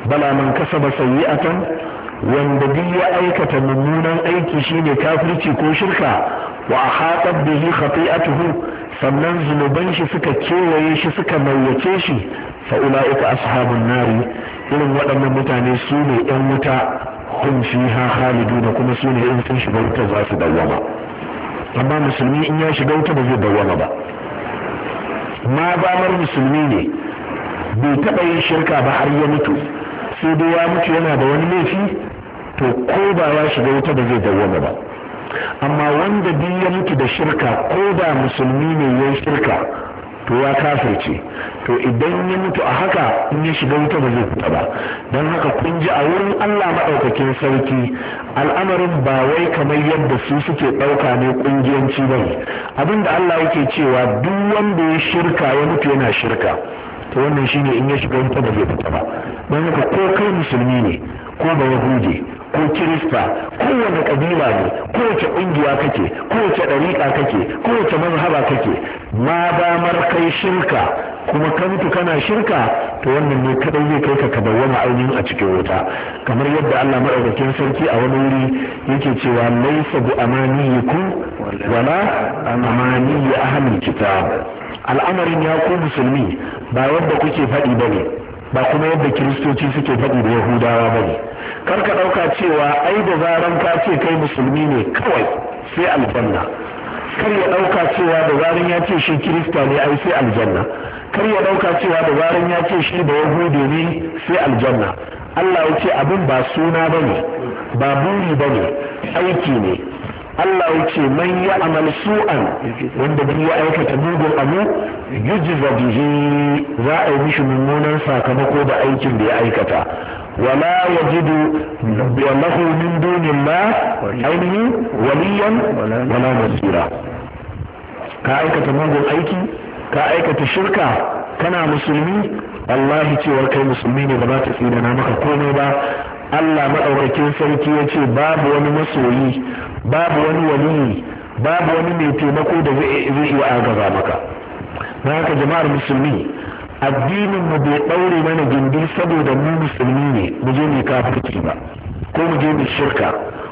bala man kasaba sayyi'atan wanda duk ya aikata mummunan aiki shine kafirci ko shirka wa ahatat bihi khati'atuhu sannan zunuban shi suka kewaye shi suka mawwace shi fa ulaika ashabun nari irin waɗannan mutane su ne 'yan wuta hum fiha da kuma su ne in sun shiga wuta za su dawwama amma musulmi in ya shiga wuta ba zai dawwama ba ma damar musulmi ne bai taɓa yin shirka ba har ya mutu sai dai ya mutu yana da wani laifi to ko ba ya shiga wuta ba zai dawwama ba amma wanda duk ya mutu da shirka ko da musulmi ne ya shirka to ya kafirce to idan ya mutu a haka in ya shiga wuta ba zai fita ba don haka kun ji a wurin Allah maɗaukakin sarki al'amarin ba wai kamar yadda su suke ɗauka ne ƙungiyanci ba ne abinda Allah yake cewa duk wanda ya shirka ya mutu yana shirka to wannan shine in ya shiga wuta ba zai fita ba don haka ko kai musulmi ne ko ba yahudi ko kirista kowane kabila ne kowace ƙungiya kake kowace ɗariƙa kake kowace mazhaba kake ma damar kai shirka kuma ka mutu kana shirka to wannan ne kadai zai kai ka ka dawwama ainihin a cikin wuta kamar yadda Allah madaukakin sarki a wani wuri yake cewa laysa bi amaniyikum wala amaniyi ahlul kitab al'amarin ya ku musulmi ba wanda kuke faɗi bane ba kuma yadda kiristoci suke faɗi da yahudawa ba ne kar ka ɗauka cewa ai da zaran ka ce kai musulmi ne kawai sai aljanna kar ya ɗauka cewa da zaran ya ce shi kirista ne ai sai aljanna kar ya ɗauka cewa da zaran ya ce shi da yahude ne sai aljanna Allah ya ce abin ba suna ba ne ba buri ba ne aiki ne Allah ya ce man ya amal su'an wanda bai ya aikata mugun abu yujza bihi za a yi mishi mummunan sakamako da aikin da ya aikata yajidu يجد له min دون ma عينه waliyan wala nasira ka aikata mugun aiki ka aikata shirka kana musulmi wallahi cewar kai musulmi ne ba za ta tsira na maka komai ba Allah maɗaukakin sarki ya ce babu wani masoyi babu wani waliyi babu wani mai taimako da zai iya agaza maka na haka jama'ar musulmi addinin mu bai ɗaure mana gindi saboda mu musulmi ne mu je mu kafirci ba ko mu je mu shirka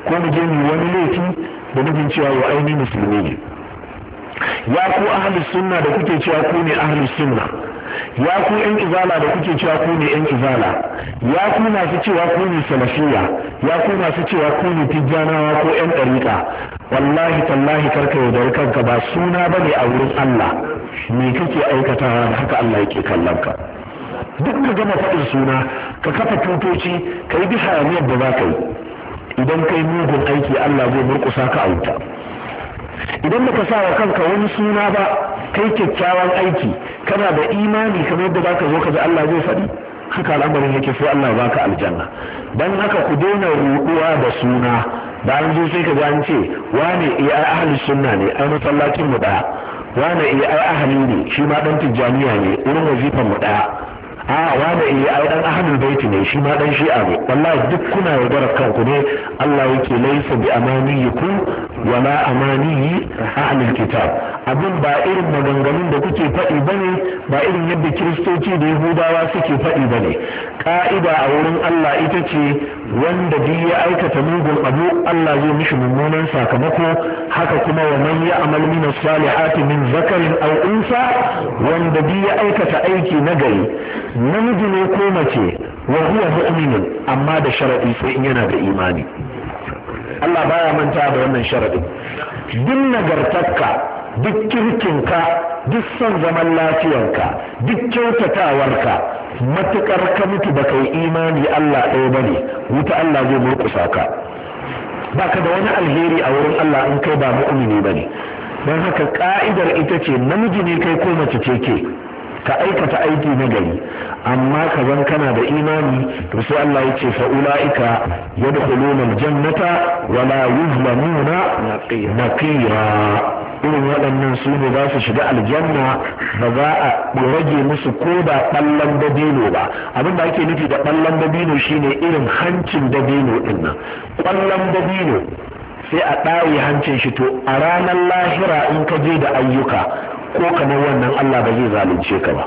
ko mu je mu wani laifi da nufin cewa wa aini musulmi ne ya ku ahlus sunna da kuke cewa ku ne ahlus sunna ya ku yan izala da kuke cewa ku ne yan izala ya ku masu cewa ku ne salafiya ya ku masu cewa ku ne tijjanawa ko yan ɗariƙa wallahi tallahi karka dari kanka ba suna bane a wurin Allah me kake aikata da haka Allah yake kallon ka duk ka gama faɗin suna ka kafa tutoci ka yi bi hayaniyar da za ka yi idan kai mugun aiki Allah zai murƙusa ka a wuta idan baka sa wa kanka wani suna ba kai kyakkyawan aiki kana da imani kamar yadda zaka zo ka ji Allah zai faɗi haka al'amarin yake sai Allah ya baka aljanna dan haka ku daina ruɗuwa da suna bayan zo sai ka ga an ce wane eh, iya ahli sunna ne ai masallacin mu daya wane eh, iya ahli ne shi ma dan tijjaniya ne wurin wazifan mu daya a wani eh ai dan ahlul baiti ne shi ma dan shi'a ne wallahi duk kuna yaudara kanku ne Allah yake laisa bi amaniyikum wala amaniyi ahlul kitab abin ba irin maganganun da kuke faɗi bane ba irin yadda kiristoci da yahudawa suke faɗi bane ka'ida a wurin Allah ita ce wanda duk ya aikata mugun abu Allah zai mishi mummunan sakamako haka kuma wa man ya amal min salihati min zakarin aw unsa wanda duk ya aikata aiki na gari namiji ne ko mace wa huwa mu'minun amma da sharadi sai in yana da imani Allah baya manta da wannan sharadin duk nagartakka duk kirkinka duk son zaman lafiyarka duk kyautatawarka matukar ka mutu baka yi imani Allah ɗaya bane wuta Allah zai murƙusa ka baka da wani alheri a wurin Allah in kai ba mu'mini bane don haka ka'idar ita ce namiji ne kai ko mace ce ke ka aikata aiki na gari amma ka zan kana da imani to sai Allah ya ce fa ulaika yadkhuluna jannata wala yuzlamuna naqira irin waɗannan su ne za su shiga aljanna ba za a rage musu ko da ɓallon dabino ba abin da ake nufi da ɓallon dabino shine irin hancin dabino ɗin nan ƙwallon dabino sai a ɗaye hancin shi to a ranar lahira in ka je da ayyuka ko kamar wannan Allah ba zai zalunce ka ba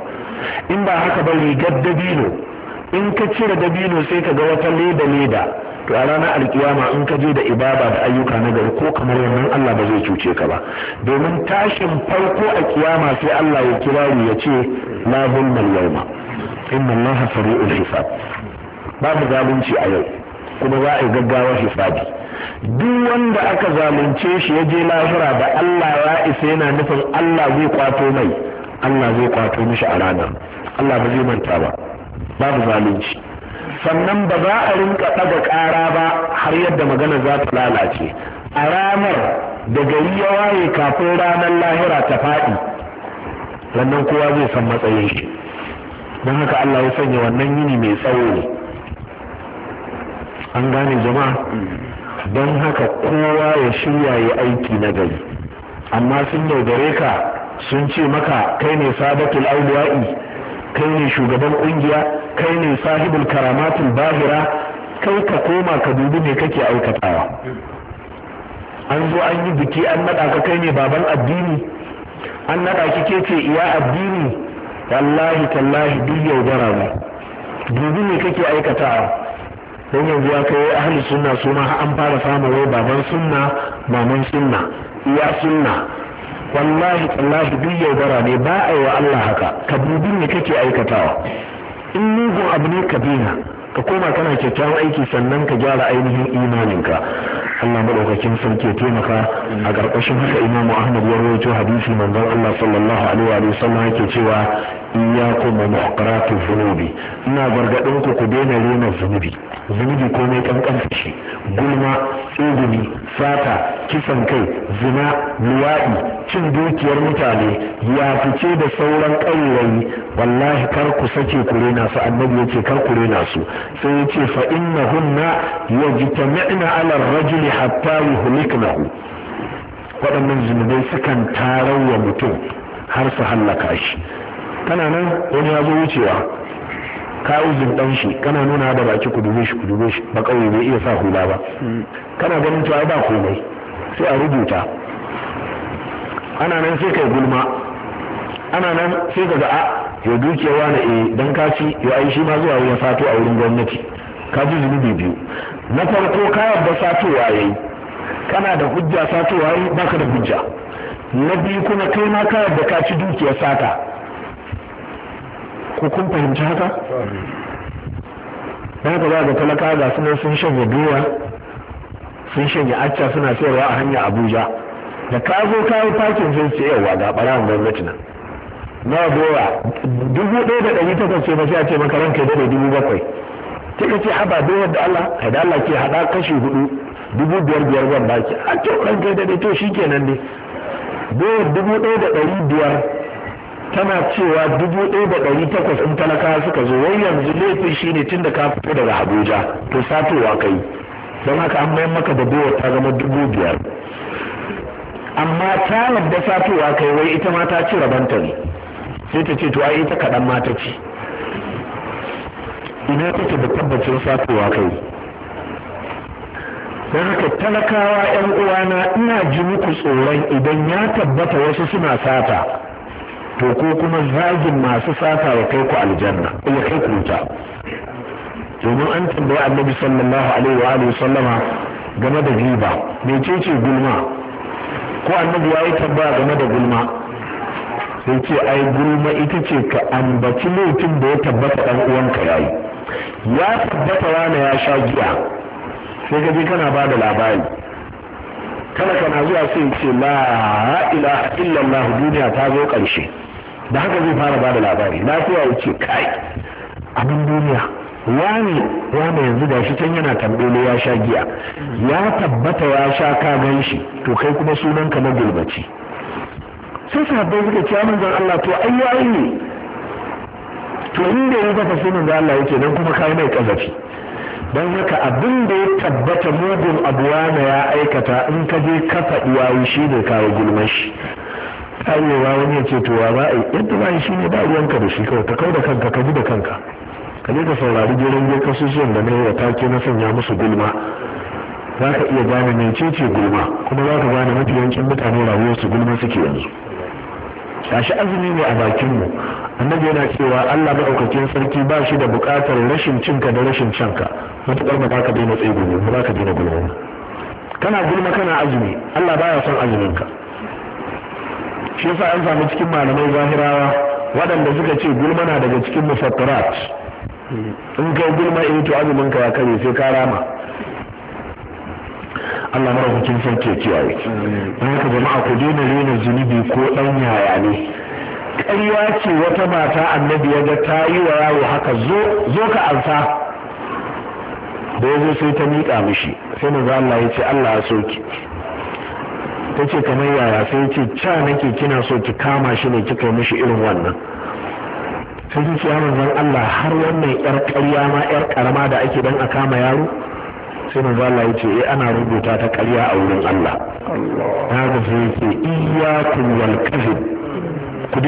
in ba haka ba rigar dabino in ka cire dabino sai ka ga wata leda leda to a ranar alkiyama in ka je da Ibaba da ayyuka na gari ko kamar wannan Allah ba zai cuce ka ba domin tashin farko a kiyama sai Allah ya kira ya ce la zulma yawma inna Allah sari'ul hisab babu zalunci a yau kuma za a yi gaggawa hisabi duk wanda aka zalunce shi ya je lahira da Allah ya isa yana nufin Allah zai kwato mai Allah zai kwato mishi a ranar Allah ba zai manta ba babu zalunci sannan ba za a rinka ɗaga ƙara ba har yadda magana za ta lalace a ranar da gari ya waye kafin ranar lahira ta faɗi sannan kowa zai san matsayin shi don haka Allah ya sanya wannan yini mai tsawo ne an gane jama'a don haka kowa ya shirya ya aiki na gari amma sun yaudare ka sun ce maka kai ne sadatul auliya'i kai ne shugaban kungiya kai ne sahibul karamatul bahira kai ka koma ka dubi ne kake aikatawa an zo an yi biki an naɗa ka kai ne baban addini an naɗa ki ke ce iya addini wallahi tallahi duk yaudara ne dubi ne kake aikatawa don yanzu ya kai ahli sunna su ma an fara samun wai baban sunna maman sunna iya sunna wallahi tallahi duk yaudara ne ba a yi wa Allah haka ka dubi me kake aikatawa in mugun abu ne ka daina ka koma kana kyakkyawan aiki sannan ka gyara ainihin imaninka Allah madaukakin sarki ya taimaka a ƙarƙashin haka Imam Ahmad ya rawaito hadisi manzon Allah sallallahu alaihi wa sallam yake cewa iyyakum wa muhqaratu dhunubi ina gargadin ku ku daina rena zunubi zunubi komai kankan shi gulma tsugumi fata kisan kai zina luwaɗi cin dukiyar mutane ya fice da sauran ƙaurayi wallahi kar ku sake ku rena su annabi yace kar ku rena su sai ya ce fa innahunna yajtami'na 'ala ar-rajuli hatta yuhliknahu waɗannan zunubai sukan tarauwa mutum har su hallaka shi kana nan wani ya zo wucewa ka uzun ɗan shi kana nuna da baki ku dube shi ku dube shi ba ƙauye bai iya sa hula ba kana ganin cewa ba komai sai a rubuta ana nan sai kai gulma ana nan sai ka ga a yo duke wani eh dan kaci yo ai shi ma zuwa wuya sato a wurin gwamnati ka ji zunubi biyu na farko ka yarda satowa yayi kana da hujja satowa yayi baka da hujja na biyu kuma kai ma ka yarda ka ci dukiyar sata ko kun fahimci haka da ka za ga talaka ga sunan sun shanye doya sun shanya acca suna sayarwa a hanya abuja da ka zo ka yi fakin sai yawa ga ɓarayin gwamnati nan na gora dubu ɗaya da ɗari takwas ce mafi a ce maka ranka da dubu bakwai sai ka ce haba dai yadda Allah kai da Allah ke haɗa kashi hudu dubu biyar biyar zan baki a ce ranka da ɗai to shi kenan ne doyar dubu ɗaya da ɗari biyar tana cewa dubu ɗaya da ɗari takwas in talakawa suka zo wai yanzu laifin shi ne tun da ka fito daga Abuja to satowa kai don haka an mayar maka da doyar ta zama dubu biyar amma ta yarda satowa kai wai ita ma ta ci rabanta ne sai ta ce to ai ita kaɗan mata ce ina take da tabbacin satuwa kai don haka talakawa yan uwana ina ji muku tsoron idan ya tabbata wasu suna sata to ko kuma zagin masu sata ya kai ku aljanna ya kai ku wuta domin an tambayi annabi sallallahu alaihi wa alihi sallama game da riba mecece gulma ko annabi ya yi tambaya game da gulma sai ce ai gulma ita ce ka ambaci laifin da ya tabbata dan uwanka yayi ya tabbata wani ya sha giya sai ka kana ba da labari kana kana zuwa sai ce la ilaha allah duniya ta zo karshe da haka zai fara ba da labari na kuwa ce kai abin duniya wani wani yanzu gashi can yana tambolo ya sha giya ya tabbata ya sha ka gan shi to kai kuma sunanka ka na gulbaci sai sahabbai suka ce zan Allah to ai ya ne to inda yi ba sunan da Allah yake dan kuma kai mai kazafi don haka abin da ya tabbata mugun abuwana ya aikata in ka je ka faɗi wayi shi ne kawo gulman shi arewa wani ya ce to wa a yadda ba'i shi ne ba ruwanka da shi kawai ta kau da kanka ka ji da kanka ka je ka saurari jiran je kasusuwan da na yi take na sanya musu gulma za ka iya gane cece gulma kuma za ka gane mafi yankin mutane rayuwarsu gulma suke yanzu shashi azumi ne a bakinmu annabi yana cewa Allah maɗaukakin sarki ba shi da buƙatar rashin cinka da rashin shanka matuƙar ba ka daina tsaye ba ka daina gulma kana gulma kana azumi Allah baya son azuminka. ka shi yasa an samu cikin malamai zahirawa waɗanda suka ce gulma na daga cikin mufattirat in kai gulma in eh, to azuminka ya kare sai ka rama Allah maraukakin san ke kiyaye don haka jama'a ku daina rena zunubi ko ɗan yaya ne ƙarya ce wata mata annabi ya ga ta yi wa yawo haka zo ka ansa da ya zo sai ta miƙa mishi sai mu Allah ya ce Allah ya soki ta ce kamar yaya sai ya ce ca nake kina so ki kama shi ne kika mishi irin wannan sai ta ce ya Allah har wannan yar ƙarya ma yar ƙarama da ake dan a kama yaro sai manzo ya ce eh, ana rubuta ta ƙarya a wurin Allah na ga ku daina ƙarya ku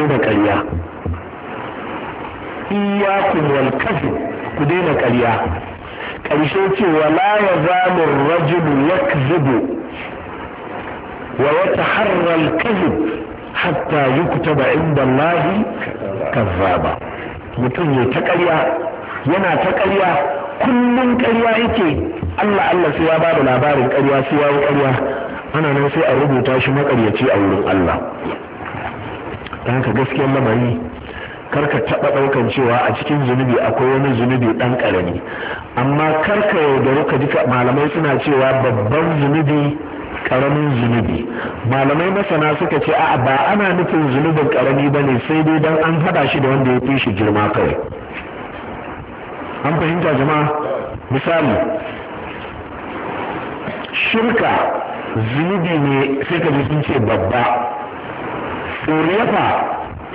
daina ƙarshe ce wala yazalu ar-rajulu yakzibu wa yataharra al kafin hatta yuktaba inda Allah kazzaba mutum ya ta ƙarya yana ta karya kullum karya yake Allah Allah sai ya ba da labarin ƙarya sai ya yi ƙarya ana nan sai a rubuta shi makaryaci a wurin Allah ta haka gaskiyar lamari karka taɓa ɗaukan cewa a cikin zunubi akwai wani zunubi dan karami amma kar ka yaudari ka ji malamai suna cewa babban zunubi karamin zunubi malamai masana suka ce a'a ba ana nufin zunubin ƙarami ba ne sai dai don an haɗa shi da wanda ya fi shi girma kawai an fahimta jama'a misali shirka zunubi ne sai ka sun ce babba tsorefa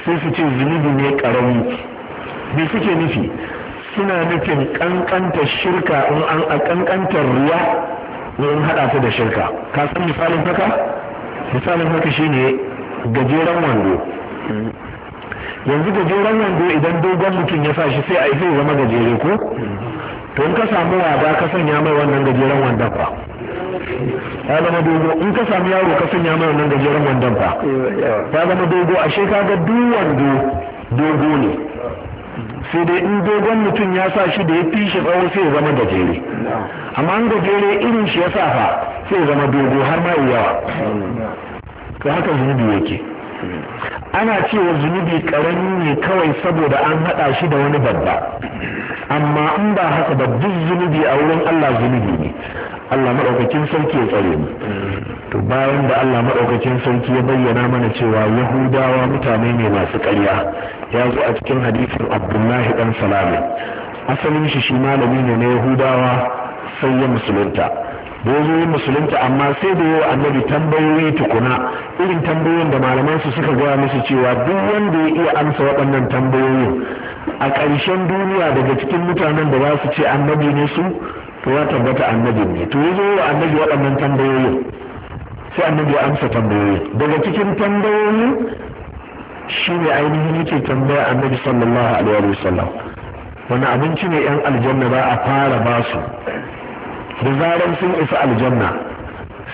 sai su ce zunubi ne karami me suke nufi suna nufin kankanta shirka in an a kankantar ruwa wurin haɗa su da shirka ka san misalin haka misalin haka shine gajeren wando yanzu gajeren wando idan dogon mutum ya sa shi sai a zai zama gajere ko to in ka samu wada ka sanya mai wannan gajeren wandon ba ya zama dogo in ka sami yaro ka sanya mai wannan gajeren wandon fa ya zama dogo a kaga duk wando dogo ne sai dai in dogon mutum ya sa shi da ya fi shi tsawo sai ya zama gajere amma an gajere irin shi ya sa fa sai ya zama dogo har ma yawa to haka zunubi yake ana cewa zunubi karami ne kawai saboda an haɗa shi da wani babba amma in ba haka ba duk zunubi a wurin Allah zunubi ne Allah maɗaukakin sarki ya tsare mu to bayan da Allah maɗaukakin sarki ya bayyana mana cewa Yahudawa mutane ne masu ƙarya ya zo a cikin hadisin Abdullahi dan Salami asalin shi shi malami ne na Yahudawa sai ya musulunta da yi musulunta amma sai da yawa annabi tambayoyi tukuna irin tambayoyin da malaman su suka gaya musu cewa duk wanda ya iya amsa waɗannan tambayoyin a ƙarshen duniya daga cikin mutanen da za su ce annabi ne su to ya tabbata annabi ne to yazo wa annabi waɗannan tambayoyin sai annabi ya amsa tambayoyin daga cikin tambayoyin shi ne ainihin yake tambaya annabi sallallahu alaihi wa sallam wani abinci ne yan aljanna ba a fara basu da zarar sun isa aljanna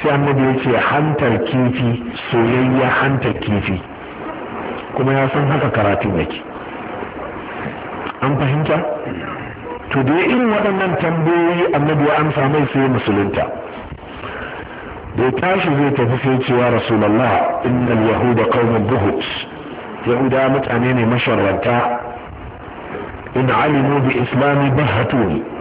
sai annabi ya ce hantar kifi soyayya hantar kifi kuma ya san haka karatun yake an fahimta to da irin waɗannan tambayoyi annabi ya amsa mai sai musulunta da ya tashi zai tafi sai cewa rasulallah innal yahuda qaumun buhut yahuda mutane ne masharranta in alimu bi islami bahatuni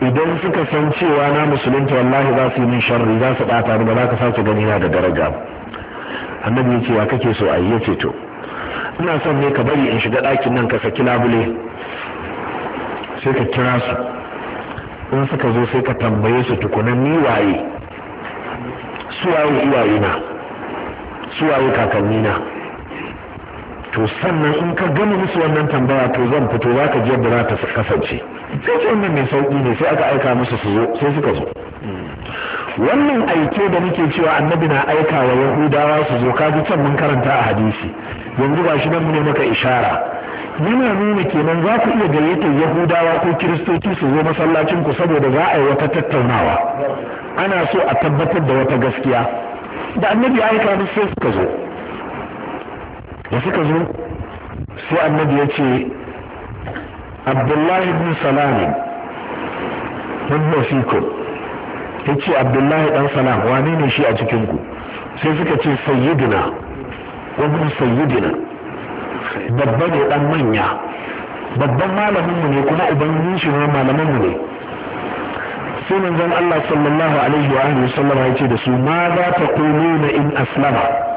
idan suka san cewa na musulunta wallahi za su yi min sharri za su ɓata ba za ka sake gani na da daraja annabi ya ce wa kake so a yi ya ce ina son ne ka bari in shiga ɗakin nan ka saki labule sai ka kira su in suka zo sai ka tambaye su tukunan ni waye su waye iyayena su waye kakannina to sannan in ka gama musu wannan tambaya to zan fito za ka ji da za ta kasance sai ce wannan mai sauki ne sai aka aika musu su zo sai suka zo wannan aike da nake cewa annabi na aika wa yahudawa su zo kaji can mun karanta a hadisi yanzu ba shi nan mu ne maka ishara yana nuna kenan za ku iya gayyatar yahudawa ko kiristoci su zo masallacin ku saboda za a yi wata tattaunawa ana so a tabbatar da wata gaskiya da annabi aika musu sai suka zo da suka zo sai annabi ya ce abdullahi salami salam wannan fikon ya ce abdullahi dan salam wane ne shi a cikinku sai suka ce sayyidina wani sayyidina babba ne dan manya babban malamin mu ne kuma uban shi ne mu ne sai manzon Allah sallallahu alaihi wa alihi wasallam ya ce da su ma za ta quluna in aslama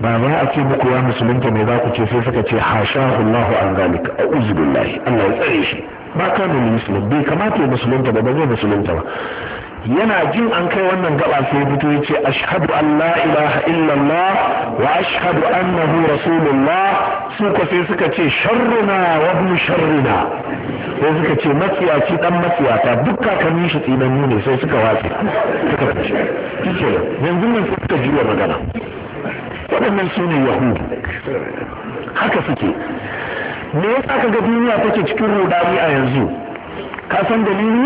ba za a ce muku ya musulunta mai za ku ce sai suka ce hashahu Allahu an zalika billahi Allah ya tsare shi ba ka da musulun bai kamata ya musulunta ba ba zai musulunta ba yana jin an kai wannan gaba sai fito ce ashhadu an la ilaha illallah wa ashhadu annahu rasulullah su ko sai suka ce sharruna wa sharrina sai suka ce matsiyaci dan matsiyata duk kakannin shi tsinanni ne sai suka watsa suka fice yanzu nan suka jiya magana waɗannan su ne yahudu haka suke me yasa tsaka ga duniya take cikin rudani a yanzu ka san dalili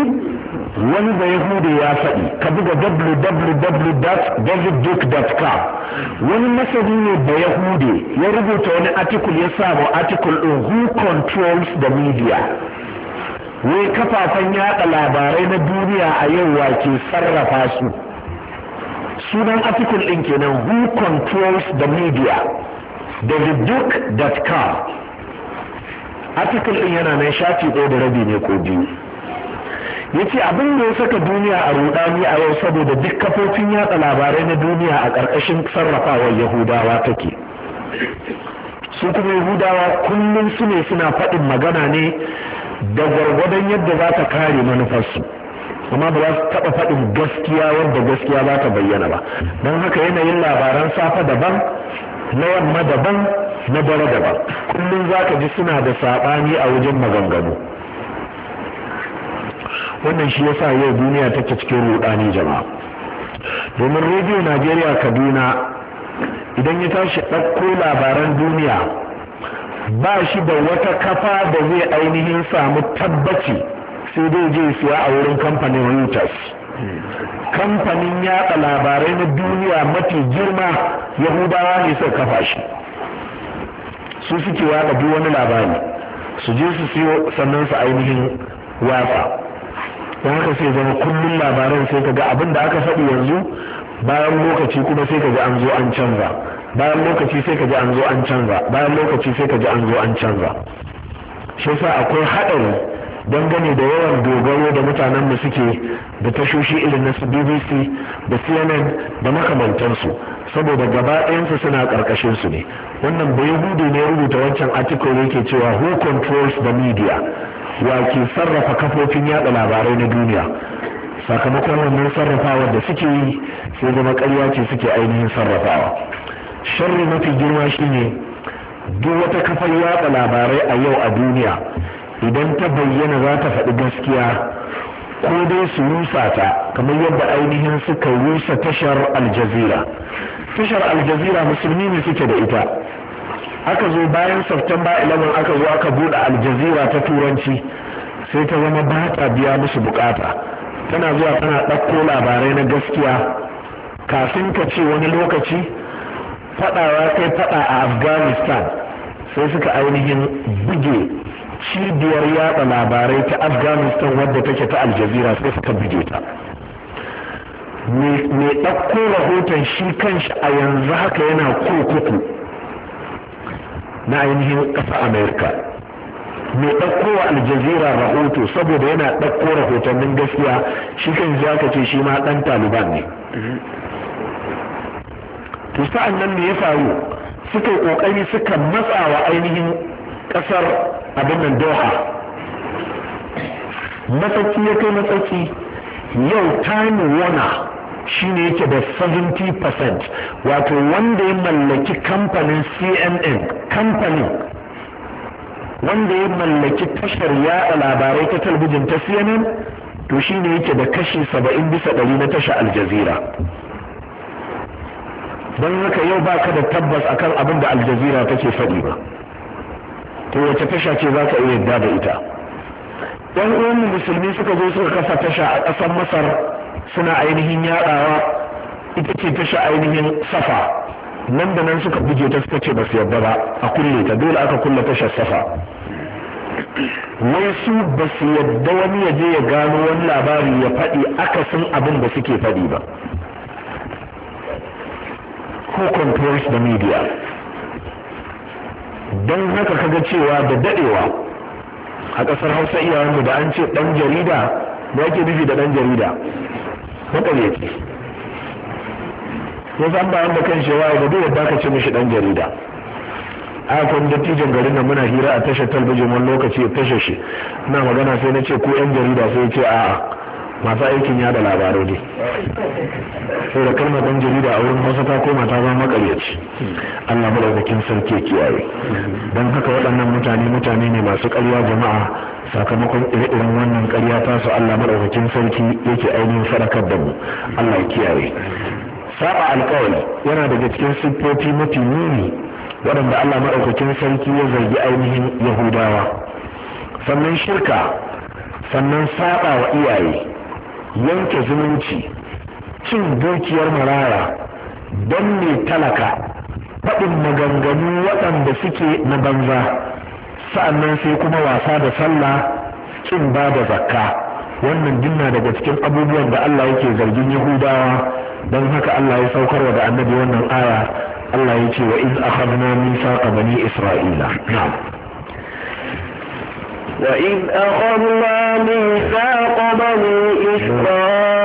wani da yahudu ya faɗi ka buga www.davidduke.com wani masani ne da yahudu ya rubuta wani article ya samu article ɗin who controls the media wai kafafen yaɗa labarai na duniya a yau wake sarrafa su sunan artikul ɗin kenan who controls the media davidduke.com Artikul ɗin yana nan shafi ko da rabi ne ko biyu yace abin da ya saka duniya a rudani a yau saboda duk kafofin yatsa labarai na duniya a ƙarƙashin sarrafawar yahudawa take su kuma yahudawa kullum su ne suna faɗin magana ne da gwargwadon yadda za ta kare manufarsu amma ba za su taɓa faɗin gaskiya wanda gaskiya za ta bayyana ba don haka yanayin labaran safa daban na yamma daban na dare daban kullum za ka ji suna da saɓani a wajen maganganu wannan shi yasa yau duniya take cikin ruɗani jama'a domin rediyo najeriya kaduna idan ya tashi ɗauko labaran duniya ba shi da wata kafa da zai ainihin samu tabbaci sai dai je siya a wurin kamfanin reuters kamfanin yada labarai na duniya mafi girma yahudawa ne suka kafa shi su suke watsa duk wani labari su je su siyo sannan su ainihin watsa don haka sai zama kullum labaran sai kaga abin da aka faɗi yanzu bayan lokaci kuma sai kaga an zo an canza bayan lokaci sai ji an zo an canza bayan lokaci sai ji an zo an canza shi yasa akwai haɗari dangane da yawan dogaro da mutanen mu suke da tashoshi irin na su bbc da cnn da makamantansu saboda gaba ɗayansu suna ƙarƙashin su ne wannan bai hudu ne rubuta wancan article yake cewa who controls the media wa ke sarrafa kafofin yada labarai na duniya sakamakon wannan sarrafawar da suke yi sai zama ƙarya ce suke ainihin sarrafawa sharri mafi girma shine duk wata kafar yada labarai a yau a duniya idan ta bayyana za ta faɗi gaskiya ko dai su rusa ta kamar yadda ainihin suka rusa tashar aljazira tashar aljazira musulmi ne suke da ita aka zo bayan saftamba 11 aka zo aka buɗe aljazira ta turanci sai ta zama ba ta biya musu bukata tana zuwa tana ɗauko labarai na gaskiya kafin ka ce wani lokaci faɗawa kai faɗa a afghanistan sai suka ainihin buge cibiyar yada labarai ta afghanistan wadda take ta aljazira sai suka buge ta mai ɗauko rahoton shi kanshi a yanzu haka yana kurkuku na ainihin ƙasa amerika mai ɗauko wa aljazira rahoto saboda yana ɗauko rahotannin gaskiya shi kan ji aka ce shi ma ɗan taliban ne to sa'an nan me ya faru suka yi ƙoƙari suka matsawa ainihin ƙasar abin nan doha matsaki ya kai matsaki yau time warner shi ne yake da 70% wato wanda ya mallaki kamfanin cnn kamfanin wanda ya mallaki tashar yaɗa labarai ta talbijin ta cnn to shi ne yake da kashi 70 bisa 100 na tashar aljazira don haka yau baka da tabbas akan abin da aljazira take faɗi ba to wace tasha ce za ka iya yadda da ita yan uwan musulmi suka zo suka kafa tasha a ƙasar masar suna ainihin yaɗawa ita ce tasha ainihin safa nan da nan suka buge ta suka ce ba su yarda ba a kulle ta dole aka kulle tashar safa wai su ba su yarda wani ya je ya gano wani labari ya faɗi akasin abin da suke faɗi ba ko controls da media don haka kaga cewa da dadewa a kasar hausa iyayenmu da an ce dan jarida da yake nufi da dan jarida makaryaci ya san bayan da kan shewa da duk yadda ka ce mishi dan jarida a kan dattijan garin nan muna hira a tashar talbijin wani lokaci ya tashe shi na magana sai na ce ko yan jarida sai ya ce a'a masu aikin yada labarai dai sai da kalmar ɗan jarida a wurin hausa ta koma ta zama makaryaci allah madaukakin sarki kiyaye don haka waɗannan mutane mutane ne masu ƙarya jama'a sakamakon iri irin wannan ƙarya ta su allah madaukakin sarki yake ainihin sadakar da mu allah ya kiyaye saba alkawari yana daga cikin siffofi mafi muni waɗanda allah maɗaukakin sarki ya zargi ainihin yahudawa sannan shirka sannan saba wa iyaye yanke zumunci cin dukiyar maraya don mai talaka faɗin maganganu waɗanda suke na banza sa'annan sai kuma wasa da sallah cin ba da zakka wannan dinna daga cikin abubuwan da Allah yake zargin Yahudawa don haka Allah ya wa da annabi wannan aya Allah ya ce wa iz akhadna a bani isra'ila na'am وإذ أخذنا ميثاق بني إسرائيل